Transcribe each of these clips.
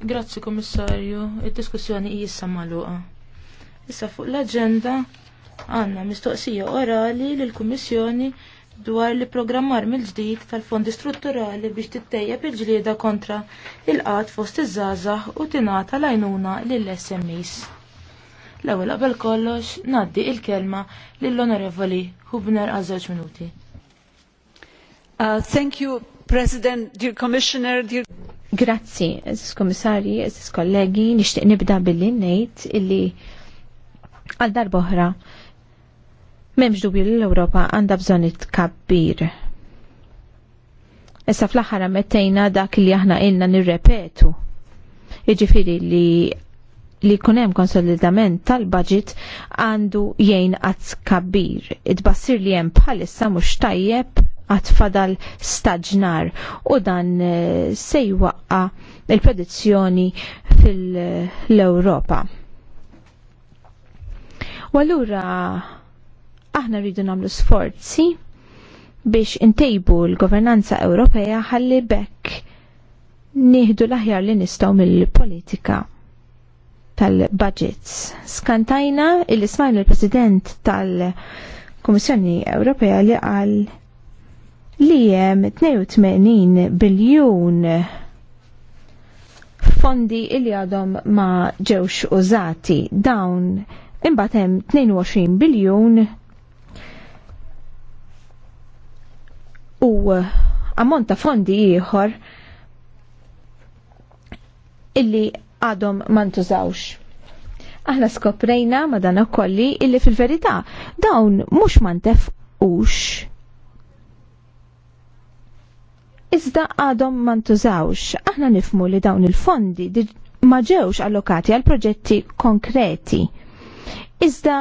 Grazzi Komissarju, il diskussjoni jissa maluqa. Issa fuq l-agenda għanna mistoqsija orali l-Kummissjoni dwar li programmar mill-ġdid tal-fondi strutturali biex tittejjeb il-ġlieda kontra il-qat fost iż-żgħażagħ u tingħata lajnuna lill-SMEs. L-ewwel qabel kollox ngħaddi il-kelma lill-Onorevoli Hubner għal żewġ minuti. Uh, thank you, President, dear Commissioner, dear Grazzi, eżis komissari, eżis kollegi, nishtiq nibda billi nejt illi għal darboħra memx dubju li l-Europa għanda bżonit kabbir. Issa fl-axar mettejna dak li aħna inna nirrepetu. Iġifiri li li kunem konsolidament tal-budget għandu jgħin għazz kabbir. Id-bassir li jem bħalissa mux tajjeb għatfadal staġnar u dan eh, se jwaqqa il-produzzjoni fil-Europa. U allura aħna rridu nagħmlu sforzi biex intejbu l-governanza Ewropea ħalli bekk nieħdu l-aħjar li nistgħu mill-politika tal-budgets. Skantajna il ismajna l-President tal-Komissjoni Ewropea li qal li hemm 82 biljun fondi li għadhom ma ġewx użati dawn imbagħad hemm 22 biljun u ammonta ta' fondi ieħor illi għadhom ma ntużawx. Aħna skoprejna madana kolli illi fil-verità dawn mhux ma ux iżda għadhom ma ntużawx. Aħna nifmu li dawn il-fondi ma ġewx allokati għal proġetti konkreti. Iżda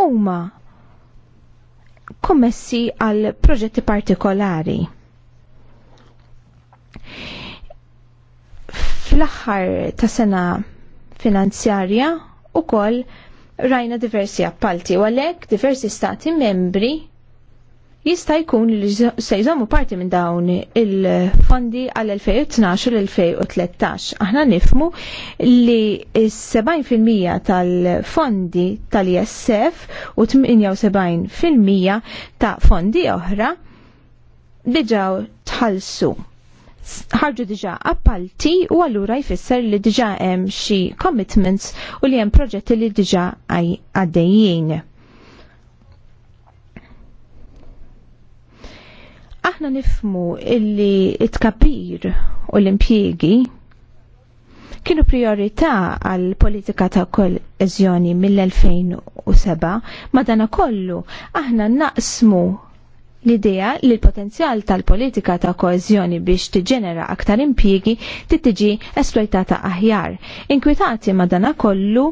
huma kommessi għal proġetti partikolari. Fl-aħħar ta' sena finanzjarja u koll rajna diversi appalti u għalek diversi stati membri jista' jkun li se jżommu parti minn dawn il-fondi għal-2012 l-2013. Aħna nifmu li 70% tal-fondi tal-ISF u 78% ta' fondi oħra diġaw tħallsu ħarġu diġa appalti u għallura jfisser li diġa hemm xi commitments u li hemm proġetti li diġa għaddejjien. Aħna nifmu illi it-kapir u l-impjiegi kienu priorità għal politika ta' koll-eżjoni mill-2007, madana kollu aħna naqsmu l-idea li l-potenzjal tal-politika ta' koezjoni biex tiġenera aktar impjiegi titiġi esploitata aħjar. Inkwitati madana kollu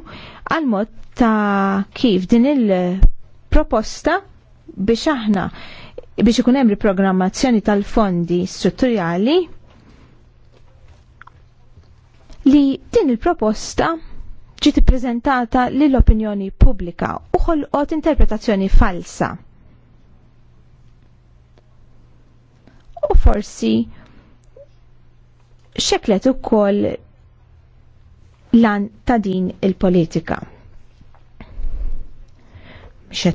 għal mod ta' kif din il-proposta biex aħna biex ikun hemm riprogrammazzjoni tal-fondi strutturali li din il-proposta ġiet ippreżentata lill-opinjoni pubblika u ħolqot interpretazzjoni falsa. U forsi xeklet ukoll lan ta' din il-politika.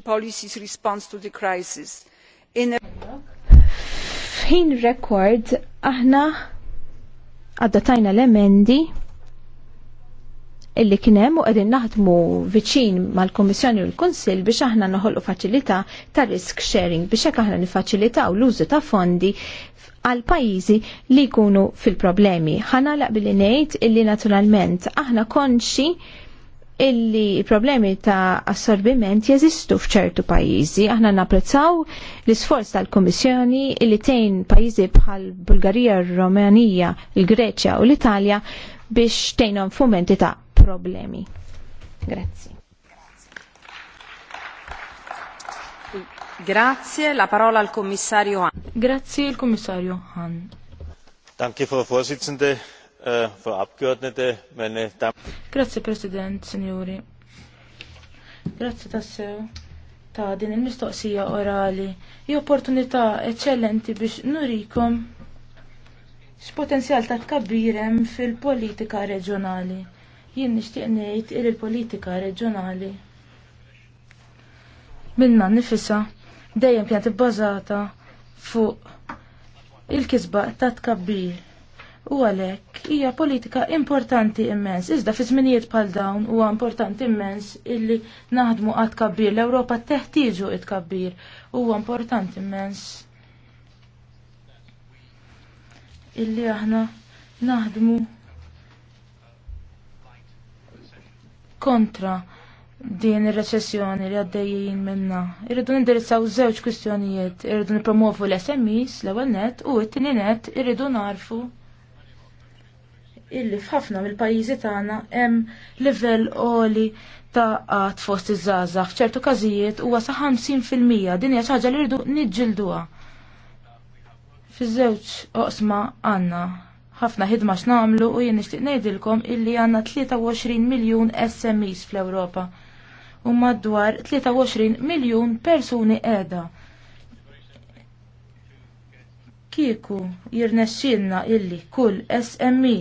Policies response to the crisis in F'ħin record aħna għaddatajna l-emendi illi kienem u għedin naħdmu viċin mal-Komissjoni u l-Konsil biex aħna noħolqu faċilità ta' risk sharing biex hekk aħna u l-użu ta' fondi għal pajjiżi li jkunu fil-problemi. Ħana laqbili ngħid illi naturalment aħna konxi illi problemi ta' assorbiment jeżistu f'ċertu pajjiżi. Aħna napprezzaw l-isforz tal-Kommissjoni illi tejn pajjiżi bħal Bulgarija, Romanija, il-Greċja u l-Italja biex tejnhom fumenti ta' problemi. Grazzi. Grazie, la parola al commissario Han. Grazie, il commissario Han. Danke, Frau Vorsitzende, äh, Frau Abgeordnete, meine Damen Grazzi President, Signori, Grazzi tassew ta' din il-mistoqsija orali. Hi opportunità eccellenti biex nurikom x'potenzjal ta' tkabbirem fil-politika reġjonali. Jien nixtieq ngħid il politika reġjonali minna nifisa dejjem kienet bbażata fuq il-kisba ta' tkabbir U għalhekk hija politika importanti immens. Iżda fi żminijiet bħal dawn huwa importanti immens illi naħdmu għad kabbir. L-Ewropa teħtieġu it-kabbir. Huwa importanti immens. Illi aħna naħdmu kontra din ir-reċessjoni li għaddejjin minna. Irridu nindirizzaw żewġ kwistjonijiet, irridu nipromovu l-SMEs l-ewwel net u t-tieni net irridu narfu illi f'ħafna mill-pajjiżi tagħna hemm livell għoli ta' għat fost iż żaza f'ċertu każijiet huwa sa 50 fil-mija din hija xi ħaġa li rridu niġġilduha. Fiż-żewġ oqsma għandna ħafna ħidma x'namlu u jien nixtieq ngħidilkom illi għandna 23 miljun SMEs fl-Ewropa u madwar 23 miljun persuni qiegħda. Kieku jirnexxielna illi kull SME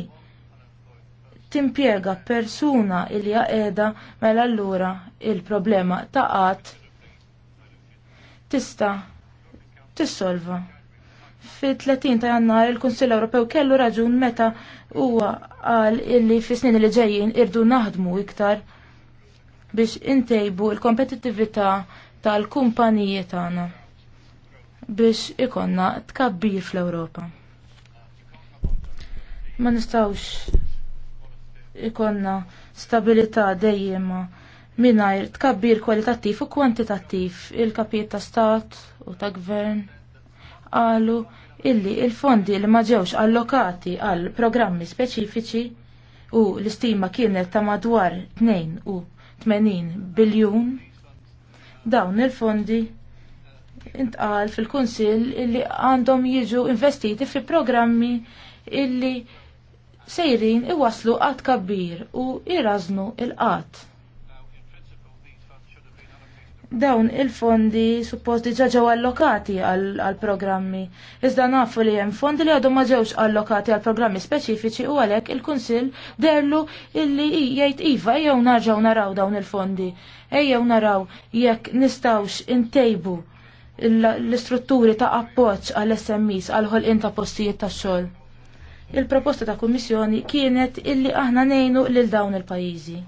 timpiega persuna li qiegħda mela allura il-problema ta' qatt tista' tissolva. Fit-30 ta' jannar il-Kunsill Ewropew kellu raġun meta huwa qal illi fis-snin li ġejjin irdu naħdmu iktar biex intejbu l-kompetittività tal-kumpaniji tagħna biex ikonna tkabbir fl-Ewropa. Ma nistawx ikonna stabilità dejjema mingħajr tkabbir kwalitattiv u kwantitattiv il-kapijiet ta' stat u ta' gvern qalu illi il-fondi li ma ġewx allokati għal programmi speċifiċi u l-istima kienet ta' madwar 82 biljun dawn il-fondi intqal fil-Kunsill illi għandhom jiġu investiti fi programmi illi sejrin iwaslu qatt kabbir u irraznu il-qatt. Dawn il-fondi suppost diġa ġew allokati għal-programmi, iżda nafu li hemm fondi li għadhom ma ġewx allokati għal-programmi speċifiċi u għalhekk il-Kunsill derlu illi jgħid iva jew narġgħu naraw dawn il-fondi, ejjew naraw jekk nistawx intejbu l-istrutturi ta' appoġġ għall sms għal ħolqien ta' postijiet tax-xogħol il-proposta ta' kummissjoni kienet illi aħna nejnu lil dawn il-pajjiżi.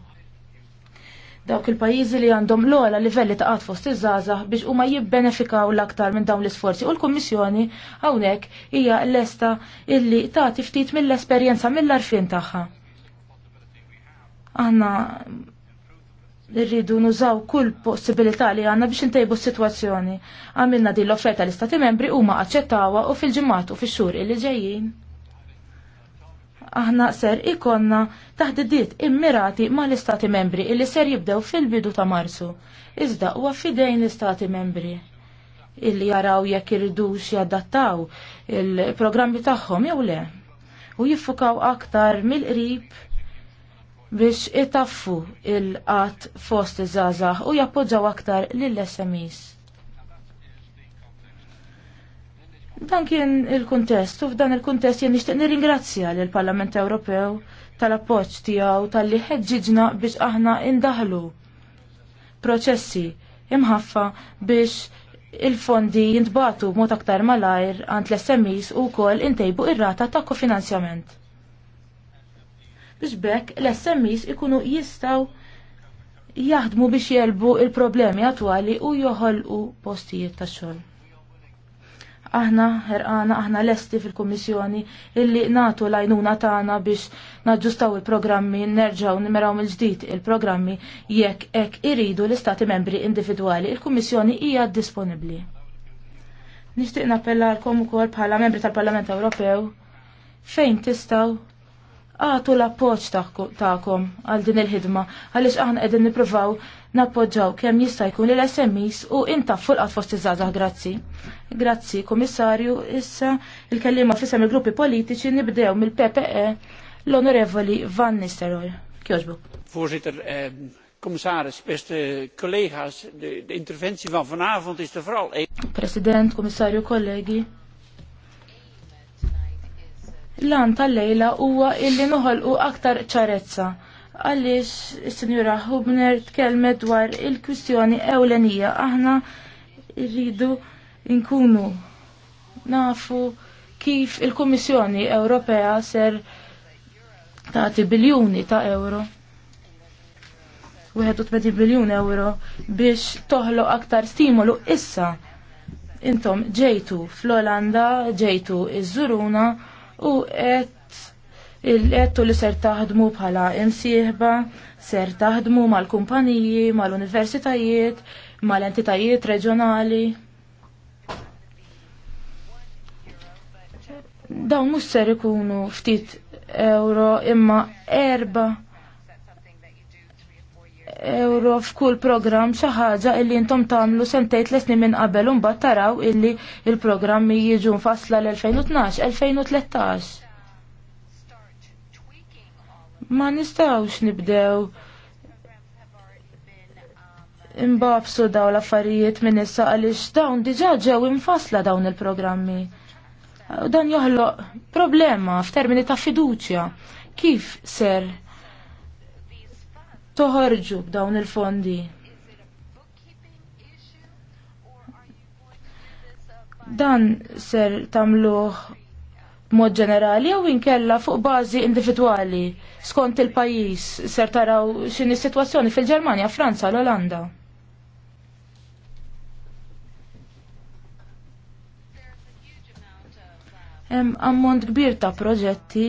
Dawk il-pajjiżi li għandhom l-ogħla livelli ta' qatt fost iż-żgħażagħ biex huma jibbenefikaw l-aktar minn dawn l-isforzi u l-Kummissjoni hawnhekk hija lesta illi tagħti ftit mill-esperjenza mill-arfin tagħha. Aħna irridu nużaw kull possibilità li għanna biex intejbu s-situazzjoni. Għamilna din l-offerta l-Istati membri u ma u fil ġimgħat u fil-xur illi ġejjin aħna ser ikonna taħdidiet immirati ma l-istati membri illi ser jibdew fil-bidu ta' marsu. Iżda huwa fidejn l-istati membri illi jaraw jekk iridux jadattaw il-programmi tagħhom jew le. U jiffukaw aktar mill-qrib biex itaffu il-qatt fost iż-żgħażagħ u jappoġġaw aktar lill-SMEs. Dan kien il-kuntest, u f'dan il-kuntest jien nixtieq nirringrazzja lill parlament Ewropew tal-appoġġ tiegħu tal-li ħeġġiġna biex aħna indaħlu proċessi imħaffa biex il-fondi jintbatu mod aktar malajr għand l smis u kol intejbu ir-rata ta' kofinanzjament. Biex bekk l smis ikunu jistaw jaħdmu biex jelbu il-problemi attwali u joħolqu postijiet ta' xogħol aħna ħerqana aħna lesti fil-Kummissjoni illi natu lajnuna tagħna biex naġġustaw il-programmi nerġgħu nimeraw mill-ġdid il-programmi jekk hekk iridu l-istati membri individwali. Il-Kummissjoni hija disponibbli. Nixtieq nappellalkom ukoll bħala membri tal-Parlament Ewropew fejn tistgħu għatu l-appoċ ta'kom għal din il-ħidma għalix aħna edin niprofaw nappoġġaw kemm jista' jkun lil sms u intaffu l-qatt fost iż grazzi. Grazzi, Komissarju, issa il-kellima fisem il-gruppi politiċi nibdew mill-PPE l-Onorevoli Van Nistelrooy. Kjoġbuk. Voorzitter, ehm, commissaris, beste collega's, de, de interventie van vanavond is er vooral... President, commissario, kollegi. Lan tal-lejla huwa illi noħolqu aktar ċarezza għaliex is-Sinjura Hubner tkellmet dwar il-kwistjoni ewlenija aħna rridu nkunu nafu kif il-Kummissjoni Ewropea ser tagħti biljuni ta' euro. 31 biljun euro biex toħloq aktar stimolu issa. Intom ġejtu fl-Olanda, ġejtu iż-żuruna u għet il-qed li ser taħdmu bħala imsieħba, ser taħdmu mal-kumpaniji, mal-universitajiet, mal-entitajiet reġjonali. Dawn mhux ser ikunu ftit euro imma erba' euro f'kull programm xi ħaġa illi intom tagħmlu sentejn tliet snin minn qabel u mbagħad taraw illi l programmi jiġu nfassla l-2012-2013. Ma nistgħux nibdew imbabsu daw l-affarijiet minn issa għaliex dawn diġà ġew infasla dawn il-programmi. Dan joħloq problema f'termini ta' fiduċja. Kif ser toħorġu b'dawn il-fondi? Dan ser tamluħ mod ġenerali jew inkella fuq bażi individwali skont il-pajjiż ser taraw x'inhi situazzjoni sitwazzjoni fil-Ġermanja, Franza, l-Olanda. Hemm ammont kbir ta' proġetti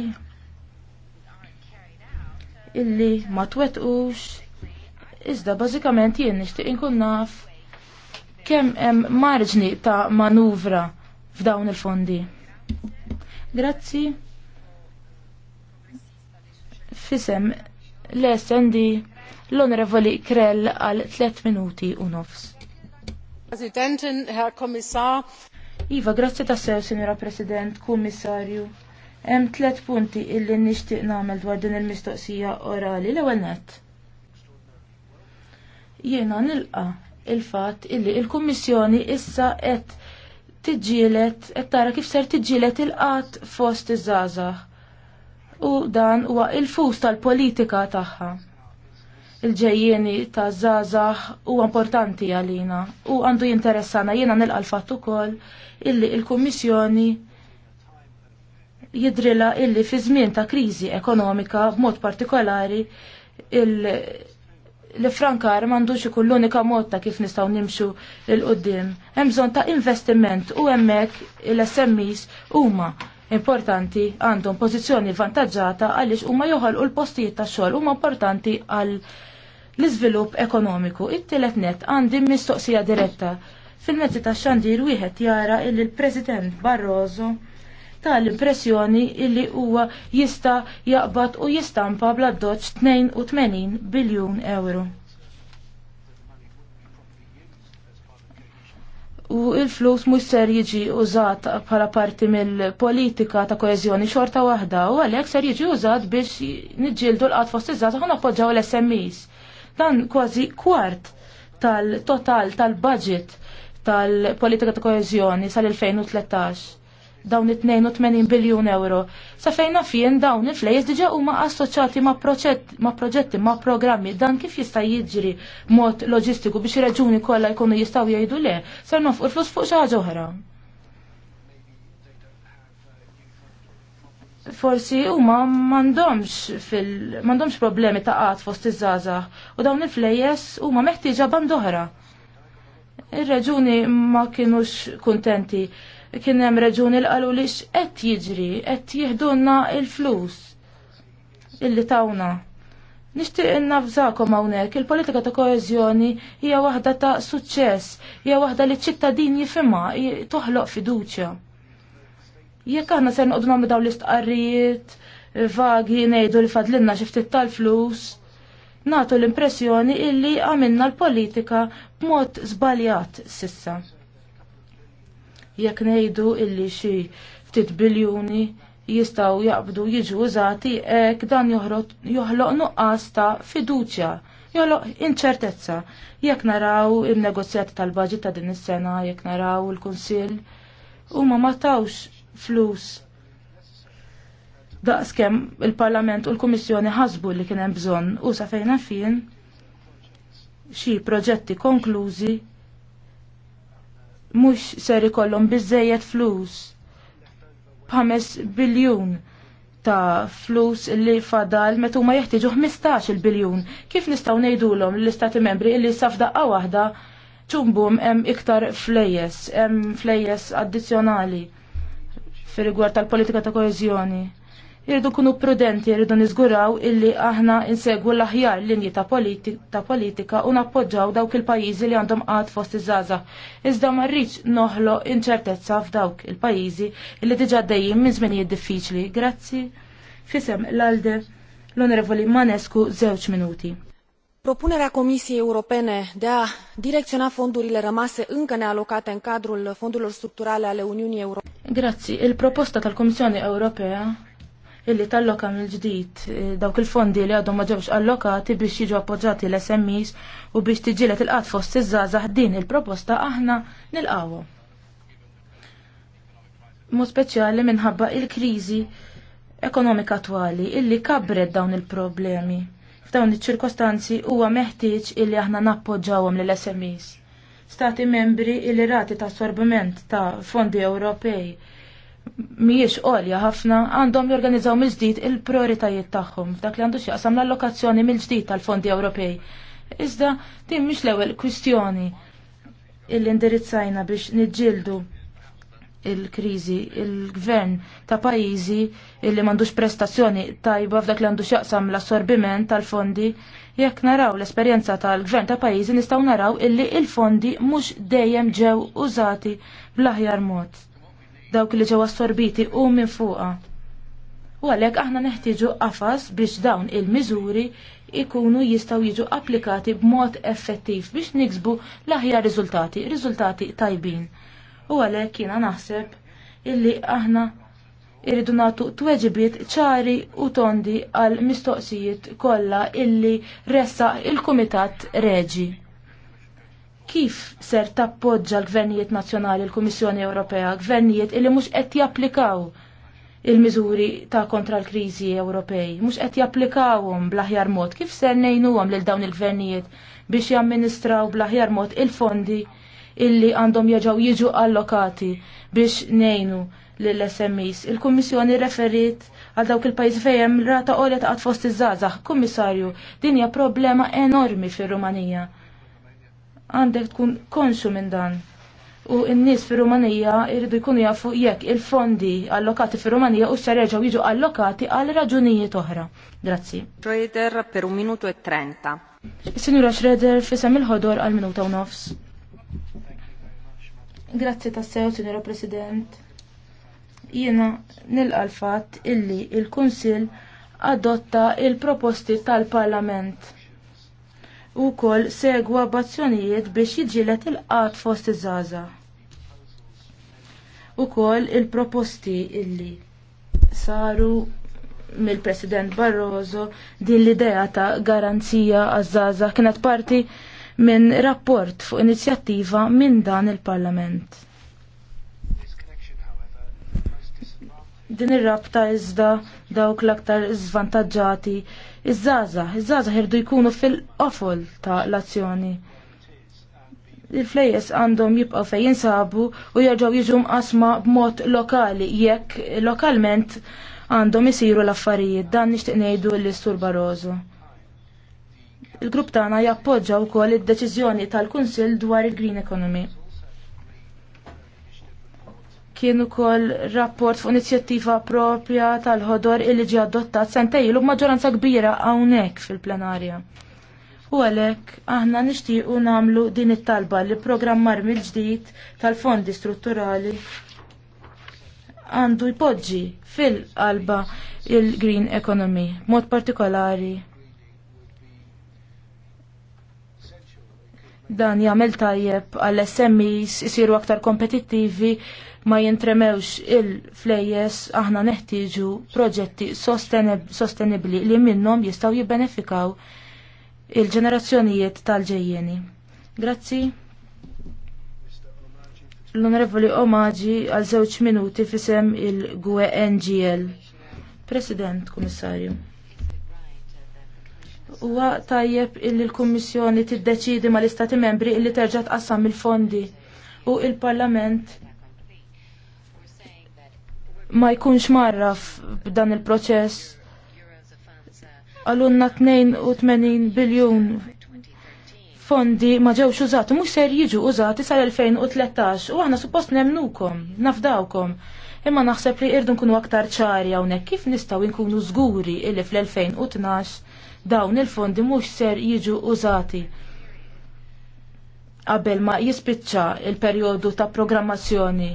illi ma twetqux. Iżda bażikament jien nixtieq inkun naf kemm hemm marġni ta' manuvra f'dawn il-fondi. Grazzi. Fisem l-SND l-Onorevoli Krell għal 3 minuti u nofs. Herr Kommissar. Iva, grazzi tassew, Signora President, Kummissarju. Hemm tliet punti illi nixtieq nagħmel dwar din il-mistoqsija orali l-ewwel nett. Jiena nilqa il-fatt illi il-Kummissjoni issa qed tiġielet qed tara kif ser tiġielet il-qatt fost iż-żgħażagħ. U dan huwa il-fus tal-politika tagħha. Il-ġejjieni ta' żgħażagħ huwa importanti għalina u għandu jinteressana jiena nilqa l-fatt ukoll illi il-Kummissjoni l kummissjoni jidrila illi fi żmien ta' kriżi ekonomika b'mod partikolari l-frankar m'għandux ikun l-unika mod ta' kif nistgħu nimxu il qudiem Hemm bżonn ta' investiment u hemmhekk il-SMEs huma importanti għandhom pożizzjoni vantaġġata għaliex huma joħolqu l-postijiet ta' xogħol huma importanti għal l-iżvilupp ekonomiku. It-tielet net għandi mistoqsija diretta. Fil-mezzi tax xandir wieħed jara illi l-President Barroso tal-impressjoni illi huwa jista' jaqbad u jistampa bla doċ 82 biljun euro. u il-flus mux ser jiġi użat bħala parti mill-politika ta' koezjoni xorta waħda u għalek ser jiġi użat biex nġildu l-qat fost iżat għon appoġġaw l-SMEs. Dan kważi kwart tal-total tal-budget tal-politika ta' koezjoni sal-2013 dawn 82 biljun euro. Sa fejna fien dawn il-flejs diġa huma assoċjati ma' proġetti, ma' programmi dan kif jista' jiġri mod loġistiku biex ir-reġuni kollha jkunu jistgħu jgħidu le, sa nofqu l-flus fuq xi ħaġa oħra. Forsi huma m'għandhomx fil problemi ta' qatt fost iż-żgħażagħ u dawn il u huma meħtieġa band oħra. Ir-reġuni ma kienux kuntenti kien hemm reġuni li qalu lix qed jiġri, qed jieħdulna l flus illi tawna. Nixtieq innafżakom hawnhekk, il-politika ta' koeżjoni hija waħda ta' suċċess, hija waħda li ċ-ċittadin jifhimha, toħloq fiduċja. Jekk aħna se noqogħdu nagħmlu dawn l-istqarrijiet, eh, vagi ngħidu li fadlinna xi ftit tal-flus, nagħtu l-impressjoni illi għamilna l-politika b'mod żbaljat sissa jekk ngħidu illi xi ftit biljuni jistgħu jaqbdu jiġu użati hekk dan joħloq nuqqas ta' fiduċja, joħloq inċertezza. Jekk naraw il negozjati tal-baġit ta' din is-sena, jekk naraw il-Kunsill, huma ma tawx flus daqskem il-Parlament u l-Komissjoni ħasbu li kien hemm bżonn u sa fejn fien xi proġetti konklużi mhux ser ikollhom bizzejet flus. Pames biljun ta' flus li fadal meta huma jeħtieġu 15 biljun. Kif nistgħu ngħidulhom l-istati membri li sa waħda ċumbum hemm iktar flejjes, hemm flejjes addizzjonali fir rigward tal-politika ta' koeżjoni. Irridu kunu prudenti, irridu niżguraw illi aħna insegwu l-aħjar linji ta' politika, u nappoġġaw dawk il-pajjiżi li għandhom għad fost iż żaza Iżda ma rridx noħlo inċertezza f'dawk il-pajjiżi illi diġà dejjem minn żminijiet diffiċli. Grazzi. Fisem l-alde l-Onorevoli Manescu żewġ minuti. Propunerea Comisiei Europene de a direcționa fondurile rămase încă nealocate în cadrul fondurilor structurale ale Uniunii Europene. Grazie. Il proposta tal Commissione Europea illi talloka mill-ġdid eh, dawk il-fondi li għadhom ma ġewx allokati biex jiġu appoġġati l-SMEs u biex tiġilet il-qat fost iż-żgħażagħ din il-proposta aħna nilqawhom. Mu speċjali minħabba il-kriżi ekonomika attwali illi kabret dawn il-problemi. F'dawn iċ-ċirkostanzi huwa meħtieġ illi aħna nappoġġawhom lill smes Stati membri illi rati ta' assorbiment ta' fondi Ewropej miex għolja ħafna għandhom jorganizzaw mill-ġdid il-prioritajiet tagħhom f'dak li għandu x'jaqsam l-allokazzjoni mill-ġdid tal-fondi Ewropej. Iżda din mhix l-ewwel kwistjoni illi indirizzajna biex niġġieldu il-kriżi, il-gvern ta' pajjiżi illi m'għandux prestazzjoni tajba f'dak li għandu x'jaqsam l-assorbiment tal-fondi, jekk naraw l-esperjenza tal-gvern ta' pajjiżi nistgħu naraw illi il-fondi mhux dejjem ġew użati bl-aħjar mod dawk li ġew assorbiti u minn fuqha. U għalhekk aħna neħtieġu qafas biex dawn il-miżuri ikunu jistgħu jiġu applikati b'mod effettiv biex niksbu l-aħjar riżultati, riżultati tajbin. U għalhekk jiena naħseb illi aħna irridu nagħtu tweġibiet ċari u tondi għal mistoqsijiet kollha illi ressa il-Kumitat Reġi kif ser tappoġġa l-gvernijiet nazzjonali l-Kummissjoni Ewropea, gvernijiet illi mhux qed japplikaw il-miżuri ta' kontra l-kriżi Ewropej, mhux qed japplikawhom bl-aħjar mod, kif ser ngħinuhom lil dawn il-gvernijiet biex jamministraw bl-aħjar mod il-fondi illi għandhom jeġaw jiġu allokati biex ngħinu lill-SMEs. Il-Kummissjoni referit għal dawk il-pajjiż fejn rata qolja ta' fost iż-żgħażagħ. Kummissarju, din hija problema enormi fir-Rumanija għandek tkun konxu minn dan. U n-nies fi Rumanija jridu jkunu jafu jekk il-fondi allokati fi Rumanija u s-sarreġaw jiġu allokati għal raġunijiet oħra. Grazzi. Schroeder per un minuto e trenta. Signora Schroeder, fisem il-ħodor għal minuta u nofs. Grazzi tassew, Signora President. Jiena nil l-fatt illi il-Kunsil adotta il-proposti tal-Parlament u kol segwa bazzjonijiet biex jġilet il-qat fost iż-żaza. U kol il-proposti illi saru mill-President Barroso din l-idea ta' garanzija għazzaza kienet parti minn rapport fuq inizjattiva minn dan il-Parlament. Din ir-rabta iżda dawk l-aktar żvantaġġati iż żaża iż-żgħażagħ ħirdu jkunu fil-qofol ta' l-azzjoni. Il-flejjes għandhom jibqgħu fejn jinsabu u jerġgħu jiġu mqasma b'mod lokali jekk lokalment għandhom isiru l-affarijiet dan nixtieq ngħidu l-Istur Barroso. Il-grupp tagħna jappoġġa wkoll id-deċiżjoni tal-Kunsill dwar il-Green Economy kien ukoll rapport fuq inizjattiva propja tal-ħodor illi ġie adottat sentejlu maġġoranza kbira hawnhekk fil-plenarja. U għalhekk aħna nixtiequ nagħmlu din it-talba li programmar mill-ġdid tal-fondi strutturali għandu jpoġġi fil-qalba il-green economy, mod partikolari Dan jagħmel tajjeb għall SMEs isiru aktar kompetittivi ma jintremewx il-flejjes aħna neħtieġu proġetti sostenibli li minnhom jistgħu jibbenefikaw il-ġenerazzjonijiet tal-ġejjeni. Grazzi. L-Onorevoli Omaġi għal żewġ minuti fisem il-GUE NGL. President, Kummissarju huwa tajjeb illi l-Kummissjoni tiddeċidi mal-Istati membri illi terġa' tqassam il-fondi u il-Parlament ma jkunx marraf b'dan il-proċess. Għalunna 82 biljun fondi ma ġewx użati, mhux ser jiġu użati sal-2013 u aħna suppost nemnukom, nafdawkom imma naħseb li irdu nkunu aktar ċari hawnhekk kif nistgħu nkunu żguri illi fl-2012 dawn il-fondi mhux ser jiġu użati qabel ma jispiċċa il-perjodu ta' programmazzjoni.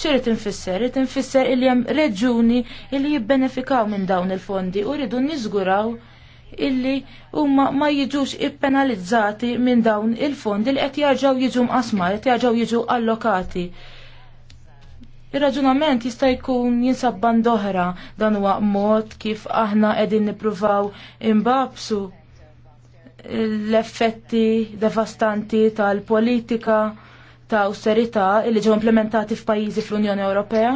Xirrit infisser, rid infisser il hemm reġuni illi jibbenefikaw minn dawn il-fondi u rridu niżguraw illi huma ma jiġux ippenalizzati minn dawn il-fondi li qed jarġgħu jiġu mqasma, qed jarġgħu jiġu allokati. Ir-raġunament jista' jkun jinsab bandoħra oħra dan huwa mod kif aħna qegħdin nippruvaw imbabsu l-effetti devastanti tal-politika ta' austerità li ġew implementati f'pajjiżi fl-Unjoni Ewropea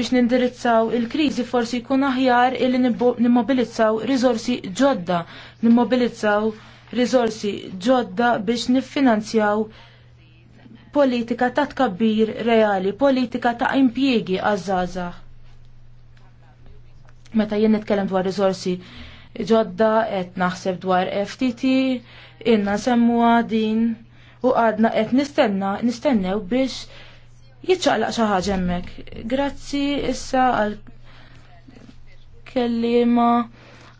biex nindirizzaw il-kriżi forsi jkun aħjar illi nimmobilizzaw riżorsi ġodda, nimmobilizzaw riżorsi ġodda biex niffinanzjaw politika ta' tkabbir reali, politika ta' impjiegi għazzaza. Meta jien nitkellem dwar riżorsi ġodda qed naħseb dwar FTT, inna semmu din u għadna qed nistenna nistennew biex jiċċaqlaq xi ħaġa hemmhekk. Grazzi issa għal kellima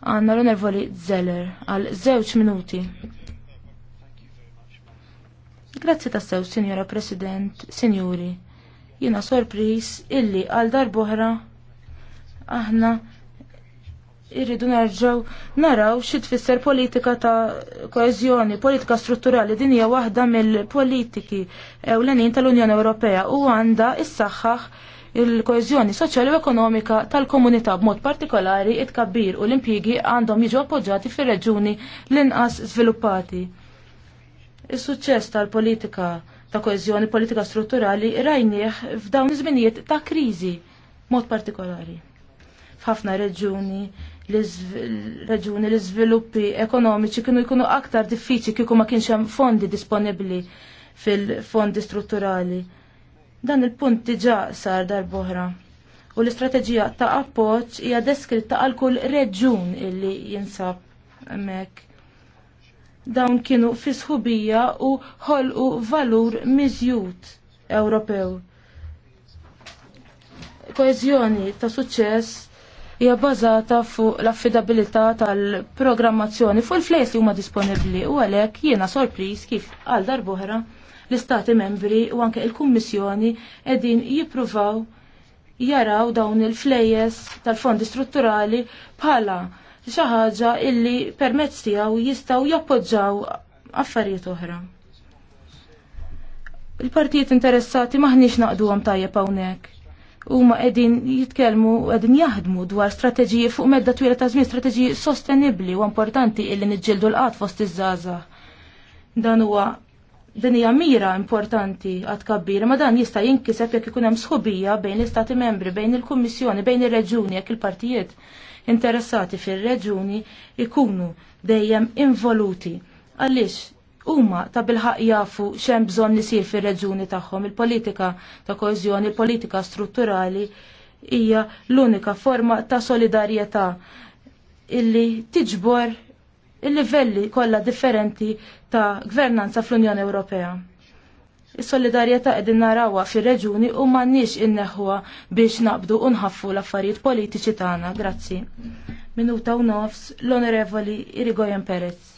għandna l-onervoli Zeller għal żewġ minuti. Grazzi tas-sew Sinjora President, Sinjuri. Jina sorpris illi għal darbohra aħna irridu narġaw naraw xi tfisser politika ta' koeżjoni, politika strutturali din hija waħda mill-politiki ewlenin tal-Unjoni Ewropea u għandha issaħħaħ il koezjoni soċjali u ekonomika tal-komunità b'mod partikolari it-kabbir u l-impjigi għandhom jiġu appoġġjati fir-reġuni l-inqas sviluppati. Is-suċċess tal-politika ta' koezjoni, politika strutturali rajnieħ f'dawn iż-żminijiet ta' kriżi mod partikolari. F'ħafna reġuni reġuni l iżviluppi ekonomiċi kienu jkunu aktar diffiċi kieku ma kienx hemm fondi disponibbli fil-fondi strutturali. Dan il-punt diġà sar boħra. u l-istrateġija ta' appoġġ hija deskritta għal kull reġun illi jinsab hemmhekk dawn kienu fisħubija u ħolqu valur miżjud Ewropew. Koezjoni ta' suċċess hija bbażata fuq l-affidabilità tal-programmazzjoni fuq il-flejs li huma disponibbli u għalhekk jiena sorpriż kif għal darbohra l-istati membri u anke il-kummissjoni qegħdin jippruvaw jaraw dawn il-flejes tal-fondi strutturali bħala xaħġa ħaġa illi permezz tiegħu jistgħu jappoġġaw affarijiet oħra. Il-partijiet interessati maħniex naqduhom tajjeb hawnhekk. Huma qegħdin jitkellmu qegħdin jaħdmu dwar strateġiji fuq medda twila ta' żmien strateġiji sostenibbli u importanti illi niġġieldu l-qatt fost iż-żgħażagħ. Dan huwa din hija mira importanti għad kabbir, ma dan jista' jinkiseb jekk ikun hemm sħubija bejn l-Istati membri, bejn il-Kummissjoni, bejn ir-Reġuni, jekk il-partijiet interessati fir-reġuni ikunu dejjem involuti għaliex huma ta' bilħaq jafu xem bżonn isir fir-reġuni tagħhom il-politika ta' koezjoni, il-politika strutturali hija l-unika forma ta' solidarjetà illi tiġbor il-livelli kollha differenti ta' gvernanza fl-Unjoni Ewropea. Is-solidarjetà qegħdin narawha fir-reġuni u m'għandniex inneħħuha biex naqbdu u nħaffu l-affarijiet politiċi tagħna. Grazzi. Minuta u nofs l-Onorevoli Irigoyen Perez.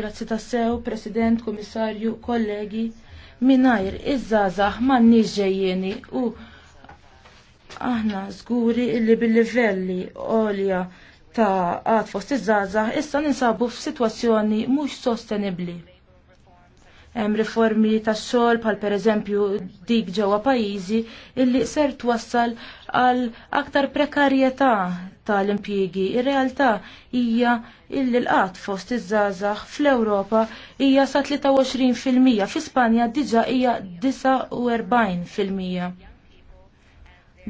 Grazzi tassew, President, Komissarju, kollegi. Minajr, iż-żazax m'għandniex ġejjeni u aħna żguri illi bil-livelli għolja ta' għad fost iż-żaza issa ninsabu f'sitwazzjoni mhux sostenibbli. Hemm riformi tax-xogħol bħal pereżempju dik ġewwa pajjiżi illi ser twassal għal aktar prekarjetà tal-impjiegi. Ir-realtà hija illi l-qatt fost iż-żgħażagħ fl-Ewropa hija sa 23 fil-mija, fi Spanja diġà hija 49 fil-mija.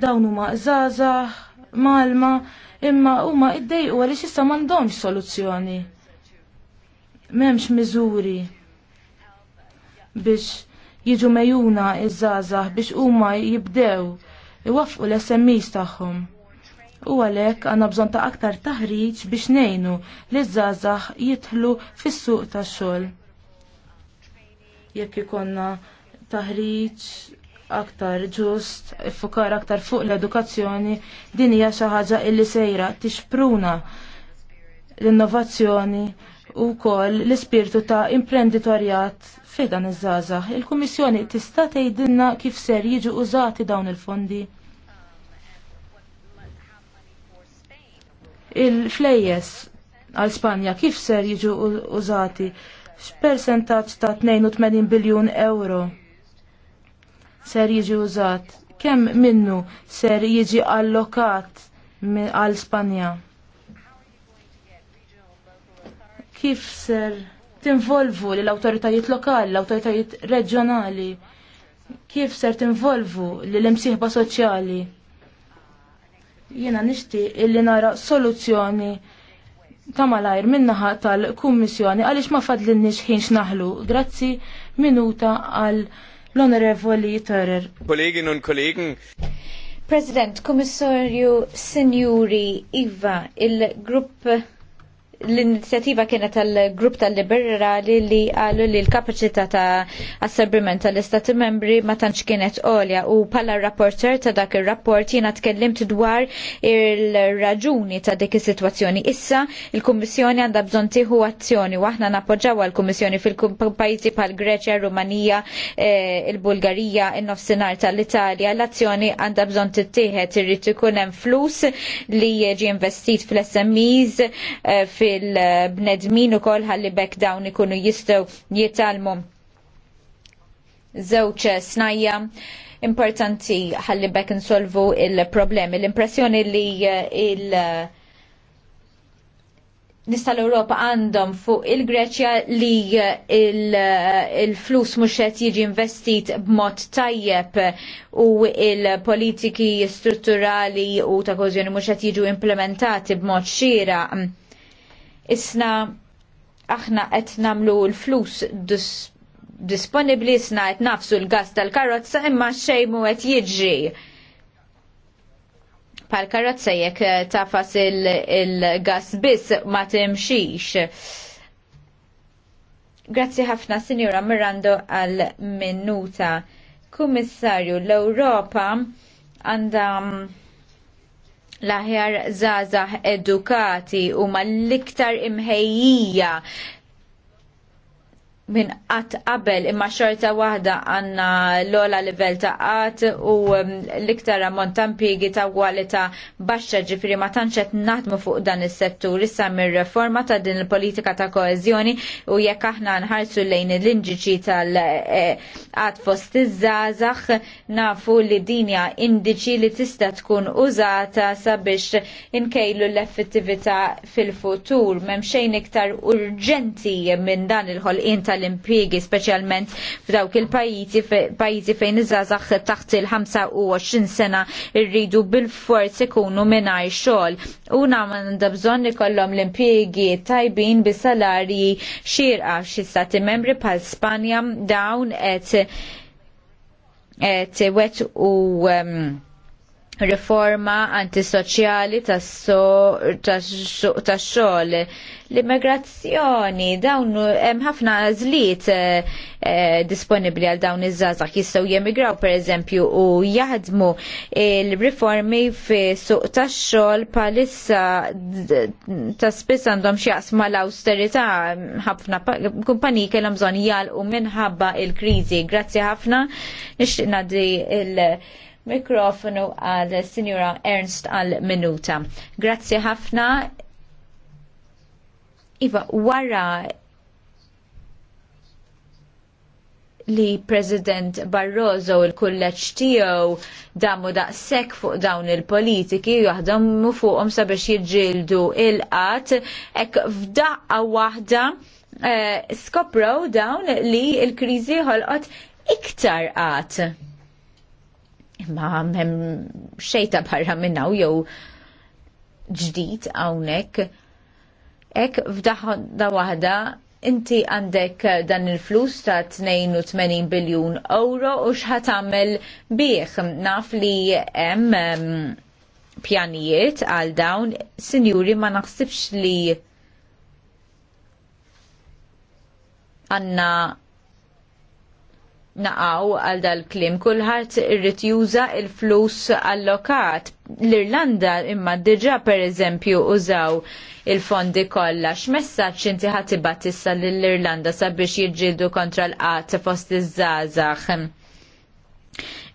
Dawn huma żgħażagħ Malma imma huma iddejqu għaliex issa m'għandhomx soluzzjoni. M'hemmx miżuri biex jiġu mejuna iż-żgħażagħ biex huma jibdew iwaffqu l-SMEs tagħhom. U għalhekk għandna bżonn ta' aktar taħriġ biex ngħinu li żgħażagħ jidħlu fis-suq tax-xogħol. Jekk ikonna taħriġ aktar ġust, iffukar aktar fuq l-edukazzjoni, din hija xi ħaġa illi sejra tixpruna l-innovazzjoni u wkoll l-ispirtu ta' imprenditorjat dan iż-żgħażagħ. Il-Kummissjoni tista' tgħidilna kif ser jiġu użati dawn il-fondi. Il-flejjes għal Spanja kif ser jiġu użati x'persentaġġ ta' 82 biljun euro ser jiġi użat, kemm minnu ser jiġi allokat għal Spanja. Kif ser tinvolvu l awtoritajiet lokali, l-autoritajiet reġjonali, kif ser tinvolvu l-imsieħba soċjali. Jiena nixtieq illi nara soluzzjoni ta' malajr minnaħa tal-Kummissjoni għaliex ma fadlinniex ħinx naħlu Grazzi minuta għal l-Onorevoli Törer. Kollegin un kollegin. President, Komissarju, Senjuri, Iva, il-Grupp l-inizjativa kienet tal-grupp tal-liberali li għallu li l-kapacità ta' assorbiment tal-istati membri ma tantx kienet għolja u pala rapporter ta' dak il-rapport jiena tkellimt dwar il-raġuni ta' dik is-sitwazzjoni. Issa il-Kummissjoni għandha bżonn tieħu azzjoni u aħna nappoġġaw għall-Kummissjoni fil-pajjiżi bħal Greċja, Rumanija, eh, il-Bulgarija, in-nofsinhar tal-Italja. L-azzjoni għandha bżonn tittieħed irrid ikun hemm flus li jiġi investit fl-SMEs eh, fil- il-bnedmin ukoll ħalli bekk dawn ikunu jistgħu jitalmu żewġ snajja importanti ħalli bekk insolvu il-problemi. L-impressjoni li eh, il- nista l-Europa għandhom fuq il-Greċja li eh, eh, il-flus il mux qed jiġi investit b'mod tajjeb u il-politiki strutturali u ta' kozjoni muxet qed jiġu implementati b'mod xira. Isna aħna qed namlu l-flus disponibli isna qed nafsu l-gas tal-karozza imma xejn mu qed jiġri. Pal karozza jekk eh, tafas il-gas biss ma timxix. Grazzi ħafna Sinjura Mirando għal minuta. Kummissarju l-Ewropa għandha mm, l-aħjar zazah edukati u mal-iktar imħejjija minn qatt qabel imma xorta waħda għanna l-ola livell ta' qatt u um, l-iktar ammont ta' impjiegi ta' kwalità baxxa ġifieri ma tantx qed naħdmu fuq dan is-settur issa mir-reforma ta' din il-politika ta' koeżjoni u jekk aħna nħarsu lejn l-indiċi tal-qatt eh, fost iż-żgħażagħ nafu li dinja indiċi li tista' tkun użata sabiex inkejlu l-effettività fil-futur m'hemm xejn iktar urġenti minn dan il-ħolqien ta' tal-impjiegi, speċjalment f'dawk il-pajjiżi fejn iż-żgħażagħ taħt il-25 sena irridu bil-forz ikunu mingħajr xogħol. U għandha bżonn ikollhom l-impjiegi tajbin bi salarji xierqa xi stati membri bħal Spanja dawn qed qed wet u um, riforma antisoċjali tas-xogħol l-immigrazzjoni dawn hemm ħafna żliet eh, eh, disponibbli għal dawn iż-żgħażagħ jistgħu jemigraw pereżempju u jaħdmu il-riformi fi suq tax-xogħol palissa ta' spiss għandhom x'jaqsma l-awsterità ħafna kumpaniji kellhom bżonn jalqu minħabba il-kriżi. Grazzi ħafna nixtieq ngħaddi il- mikrofonu għal Sinjura Ernst għal minuta. Grazzi ħafna. Iva, wara li President Barroso il-kulleċ tiegħu damu daqshekk fuq dawn il-politiki jaħdmu fuqhom sabiex jiġġieldu il-qatt hekk f'daqqa waħda eh, skoprow dawn li l-kriżi ħolqot iktar qatt imma xejn xejta barra minnaw jew ġdid hawnhekk. hekk f'daħda waħda inti għandek dan il-flus ta' 82 biljun euro u xħat għamil bieħ naf li hemm pjanijiet għal dawn, sinjuri ma naħsibx li għanna naqaw għal dal-klim. Kulħadd irrit juża il-flus allokat. L-Irlanda imma diġà pereżempju użaw il-fondi kollha. X'messaġġ inti ħadd tibgħat issa lill-Irlanda sabiex jiġġieldu kontra l-qatt fost iż-żgħażagħ.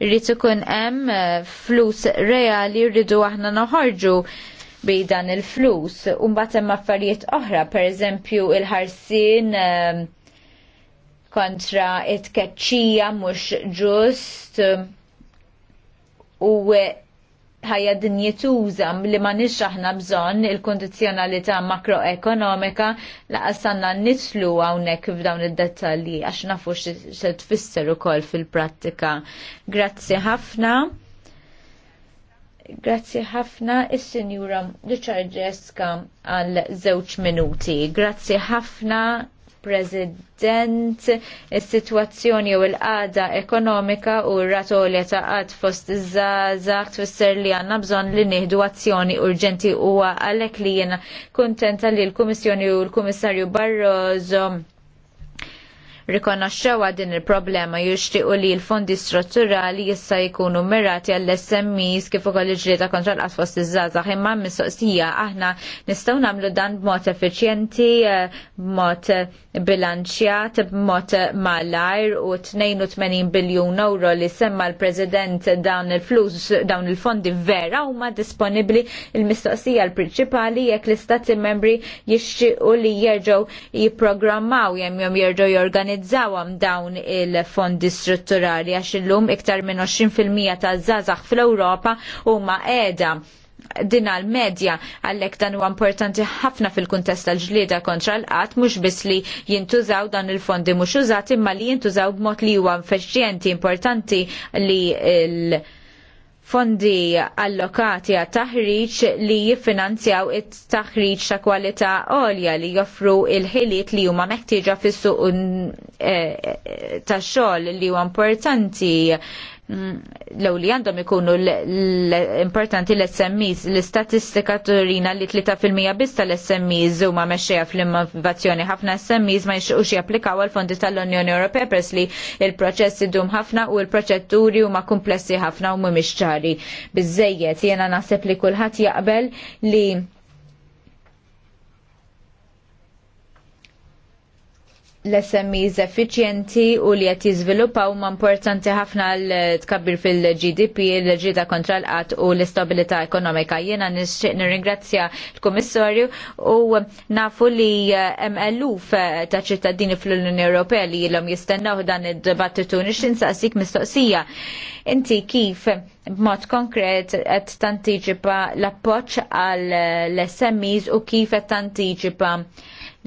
Rrid ikun hemm eh, flus reali rridu aħna noħorġu bi dan il-flus. u hemm affarijiet oħra, pereżempju il-ħarsien eh, kontra it-tkeċċija mhux ġust u ħajja tuża li ma nix aħna bżonn il-kondizjonalità makroekonomika laqas għandna nitlu hawnhekk f'dawn id-dettalji għax nafu xe tfisser ukoll fil-prattika. Grazzi ħafna. Grazzi ħafna is-Sinjura Richard Jeska għal żewġ minuti. Grazzi ħafna President, is-sitwazzjoni u l-qada ekonomika u r-ratolja ta' għad fost iż tfisser li għanna bżon li nieħdu azzjoni urġenti u għalek li jena kontenta li l-Kummissjoni u l-Kummissarju Barroso rikonoxxewa din il-problema jixtiequ li l-fondi strutturali jista' jkunu mirati għall-SMEs kif ukoll il-ġlieda kontra l-qatt iż-żgħażagħ imma mistoqsija aħna nistgħu nagħmlu dan b'mod effiċjenti, eh, b'mod bilanċjat, b'mod malajr u 82 biljun euro li semma l-President dawn il-flus, dawn il-fondi vera huma disponibbli il-mistoqsija l-prinċipali jekk l-istati membri jixtiequ li jerġgħu jipprogrammaw jemm jerġgħu jorganizzaw jorganizzawhom dawn il-fondi strutturali għax illum iktar minn 20% tal-żazax fl-Ewropa huma qiegħda din għal medja għallek dan huwa importanti ħafna fil-kuntest tal-ġlieda kontra l-qatt mhux biss li jintużaw dan il-fondi mhux użati imma li jintużaw b'mod li huwa effiċjenti importanti li l- fondi allokati għat taħriġ li jiffinanzjaw it-taħriġ ta' kwalità għolja li joffru il-ħiliet li huma meħtieġa fis-suq eh, eh, tax-xogħol li huwa importanti Mm, l li għandhom ikunu l importanti l-SMEs, l-istatistika turina li 3% biss tal-SMEs huma mexxejja fl-innovazzjoni. Ħafna SMEs ma jxuqx japplikaw għal fondi tal-Unjoni Ewropea pers li il-proċess idum ħafna u l-proċetturi huma komplessi ħafna u mhumiex ċari. Biżejjed jiena naħseb li kulħadd jaqbel li l-SMEs effiċjenti u li qed jiżviluppaw ma importanti ħafna l-tkabbir fil-GDP, l-ġida kontra l qat u l-istabilità ekonomika. Jiena nixtieq nirringrazzja l-Kummissarju u nafu li eh, hemm eluf eh, ta' ċittadini fl-Unjoni Ewropea li ilhom jistennaw dan id-dibattitu nixtieq nsaqsik mistoqsija. Inti kif b'mod konkret qed tantiċipa l-appoġġ eh, l smes u kif qed tantiċipa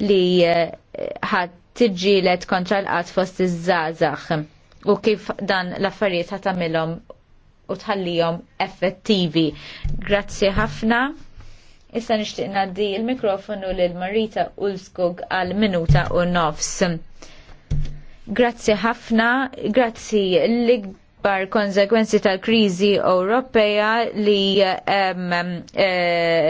li ħadd tiġġielet kontra l-qatt fost iż-żgħażagħ u kif dan l-affarijiet ħat tagħmilhom u tħallihom effettivi. Grazzi ħafna. Issa nixtieq ngħaddi l mikrofonu lil Marita Ulskog għal minuta u nofs. Grazzi ħafna, grazzi l Bar akbar konsekwenzi tal-kriżi Ewropea li um, uh,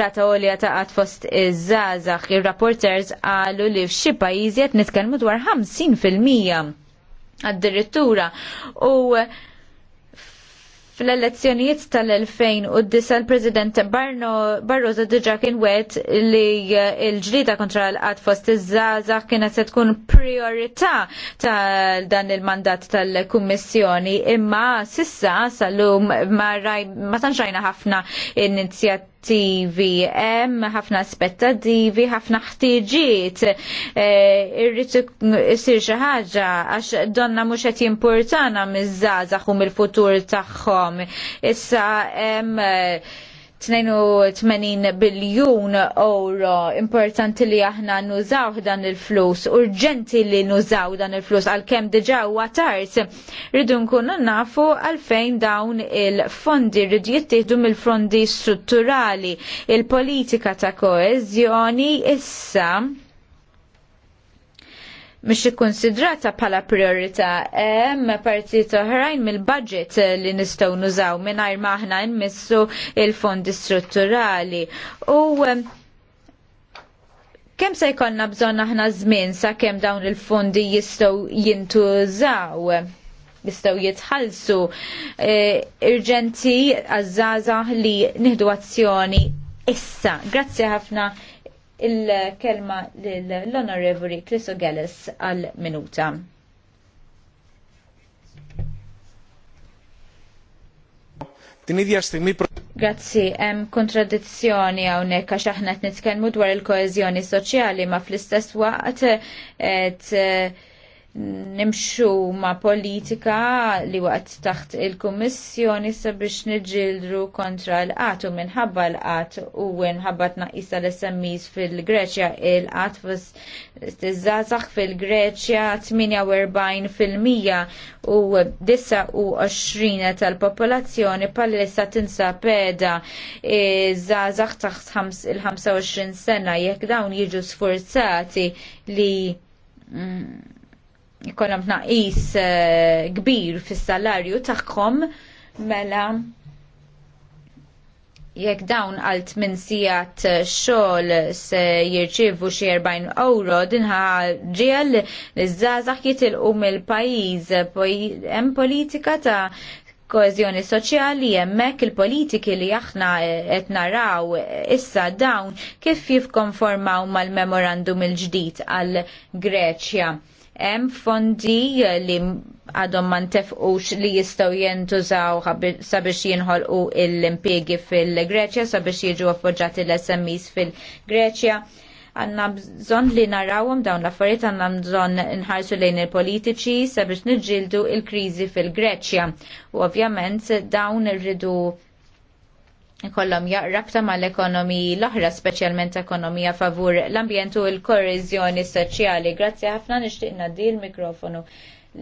rata olja ta' għat fost iż-żazax. Ir-rapporters qalu li f'xi pajjiżi qed nitkellmu dwar 50% għad-dirittura u uh, Fl-elezzjonijiet tal-2009 il-President Barroso diġa kien wet li eh, l-ġlida kontra l qad fost iż-żaza kienet se tkun priorità tal dan il-mandat tal-Kummissjoni imma sissa sal-lum ma, ma tanxajna ħafna inizjat attivi, hemm ħafna aspettativi, ħafna ħtiġiet. E, irrid isir xi ħaġa għax donna mhux qed jimpurtana miż-żgħażagħ u mill-futur tagħhom. Issa hemm 82 biljun euro importanti li aħna nużaw dan il-flus, urġenti li nużaw dan il-flus għal-kem diġa huwa tard. Rridu nkunu nafu għalfejn dawn il-fondi rridu jittieħdu mill-fondi strutturali, il-politika ta' koeżjoni issa mhix ikkonsidrata bħala priorità hemm partit oħrajn mill-budget li nistgħu nużaw mingħajr ma aħna nmissu il-fondi strutturali. U kemm se jkollna bżonn aħna żmien sakemm dawn il-fondi jistgħu jintużaw? jistaw jitħalsu irġenti e, għazzaza li nihdu azzjoni issa. Grazzi ħafna il-kelma l-Onorevoli Crisogelis għal-minuta. Grazzi, hemm kontradizzjoni hawnhekk għax aħna qed nitkellmu dwar il-koeżjoni soċjali ma fl-istess waqt qed eh, nimxu ma' politika li waqt taħt il-Kummissjoni sabiex niġġieldu kontra l u minħabba l-qat u minħabba tnaqqisa l-SMEs fil-Greċja il-qat fis-żazax fil-Greċja 48% u 29 tal-popolazzjoni palissa tinsa peda żazax taħt il-25 sena jekk dawn jiġu sforzati li mm, jkollhom tnaqqis eh, kbir fis-salarju tagħhom mela jekk dawn għal tmien sigħat xogħol se jirċievu xi 40 euro dinħa ġiel li żgħażagħ jitilqu mill-pajjiż hemm politika ta' koeżjoni soċjali hemmhekk il-politiki li aħna eh, qed naraw issa dawn kif jifkonformaw mal-memorandum il-ġdid għal Greċja. Hemm fondi eh, li għadhom ma ntefqux li jistgħu jentużaw sabiex jinħolqu l-impjegi fil-Greċja sabiex jiġu appoġġati l-SMEs fil-Greċja. Għanna bżon li narawhom dawn l-affarijiet għanna bżon nħarsu lejn il-politiċi sabiex niġġieldu il-kriżi fil-Greċja. U ovvjament dawn irridu kollom jaqrabta ma l-ekonomiji l-oħra, specialment ekonomija favur l-ambjent u l-korriżjoni soċjali. Grazzi ħafna nishtiqna di l-mikrofonu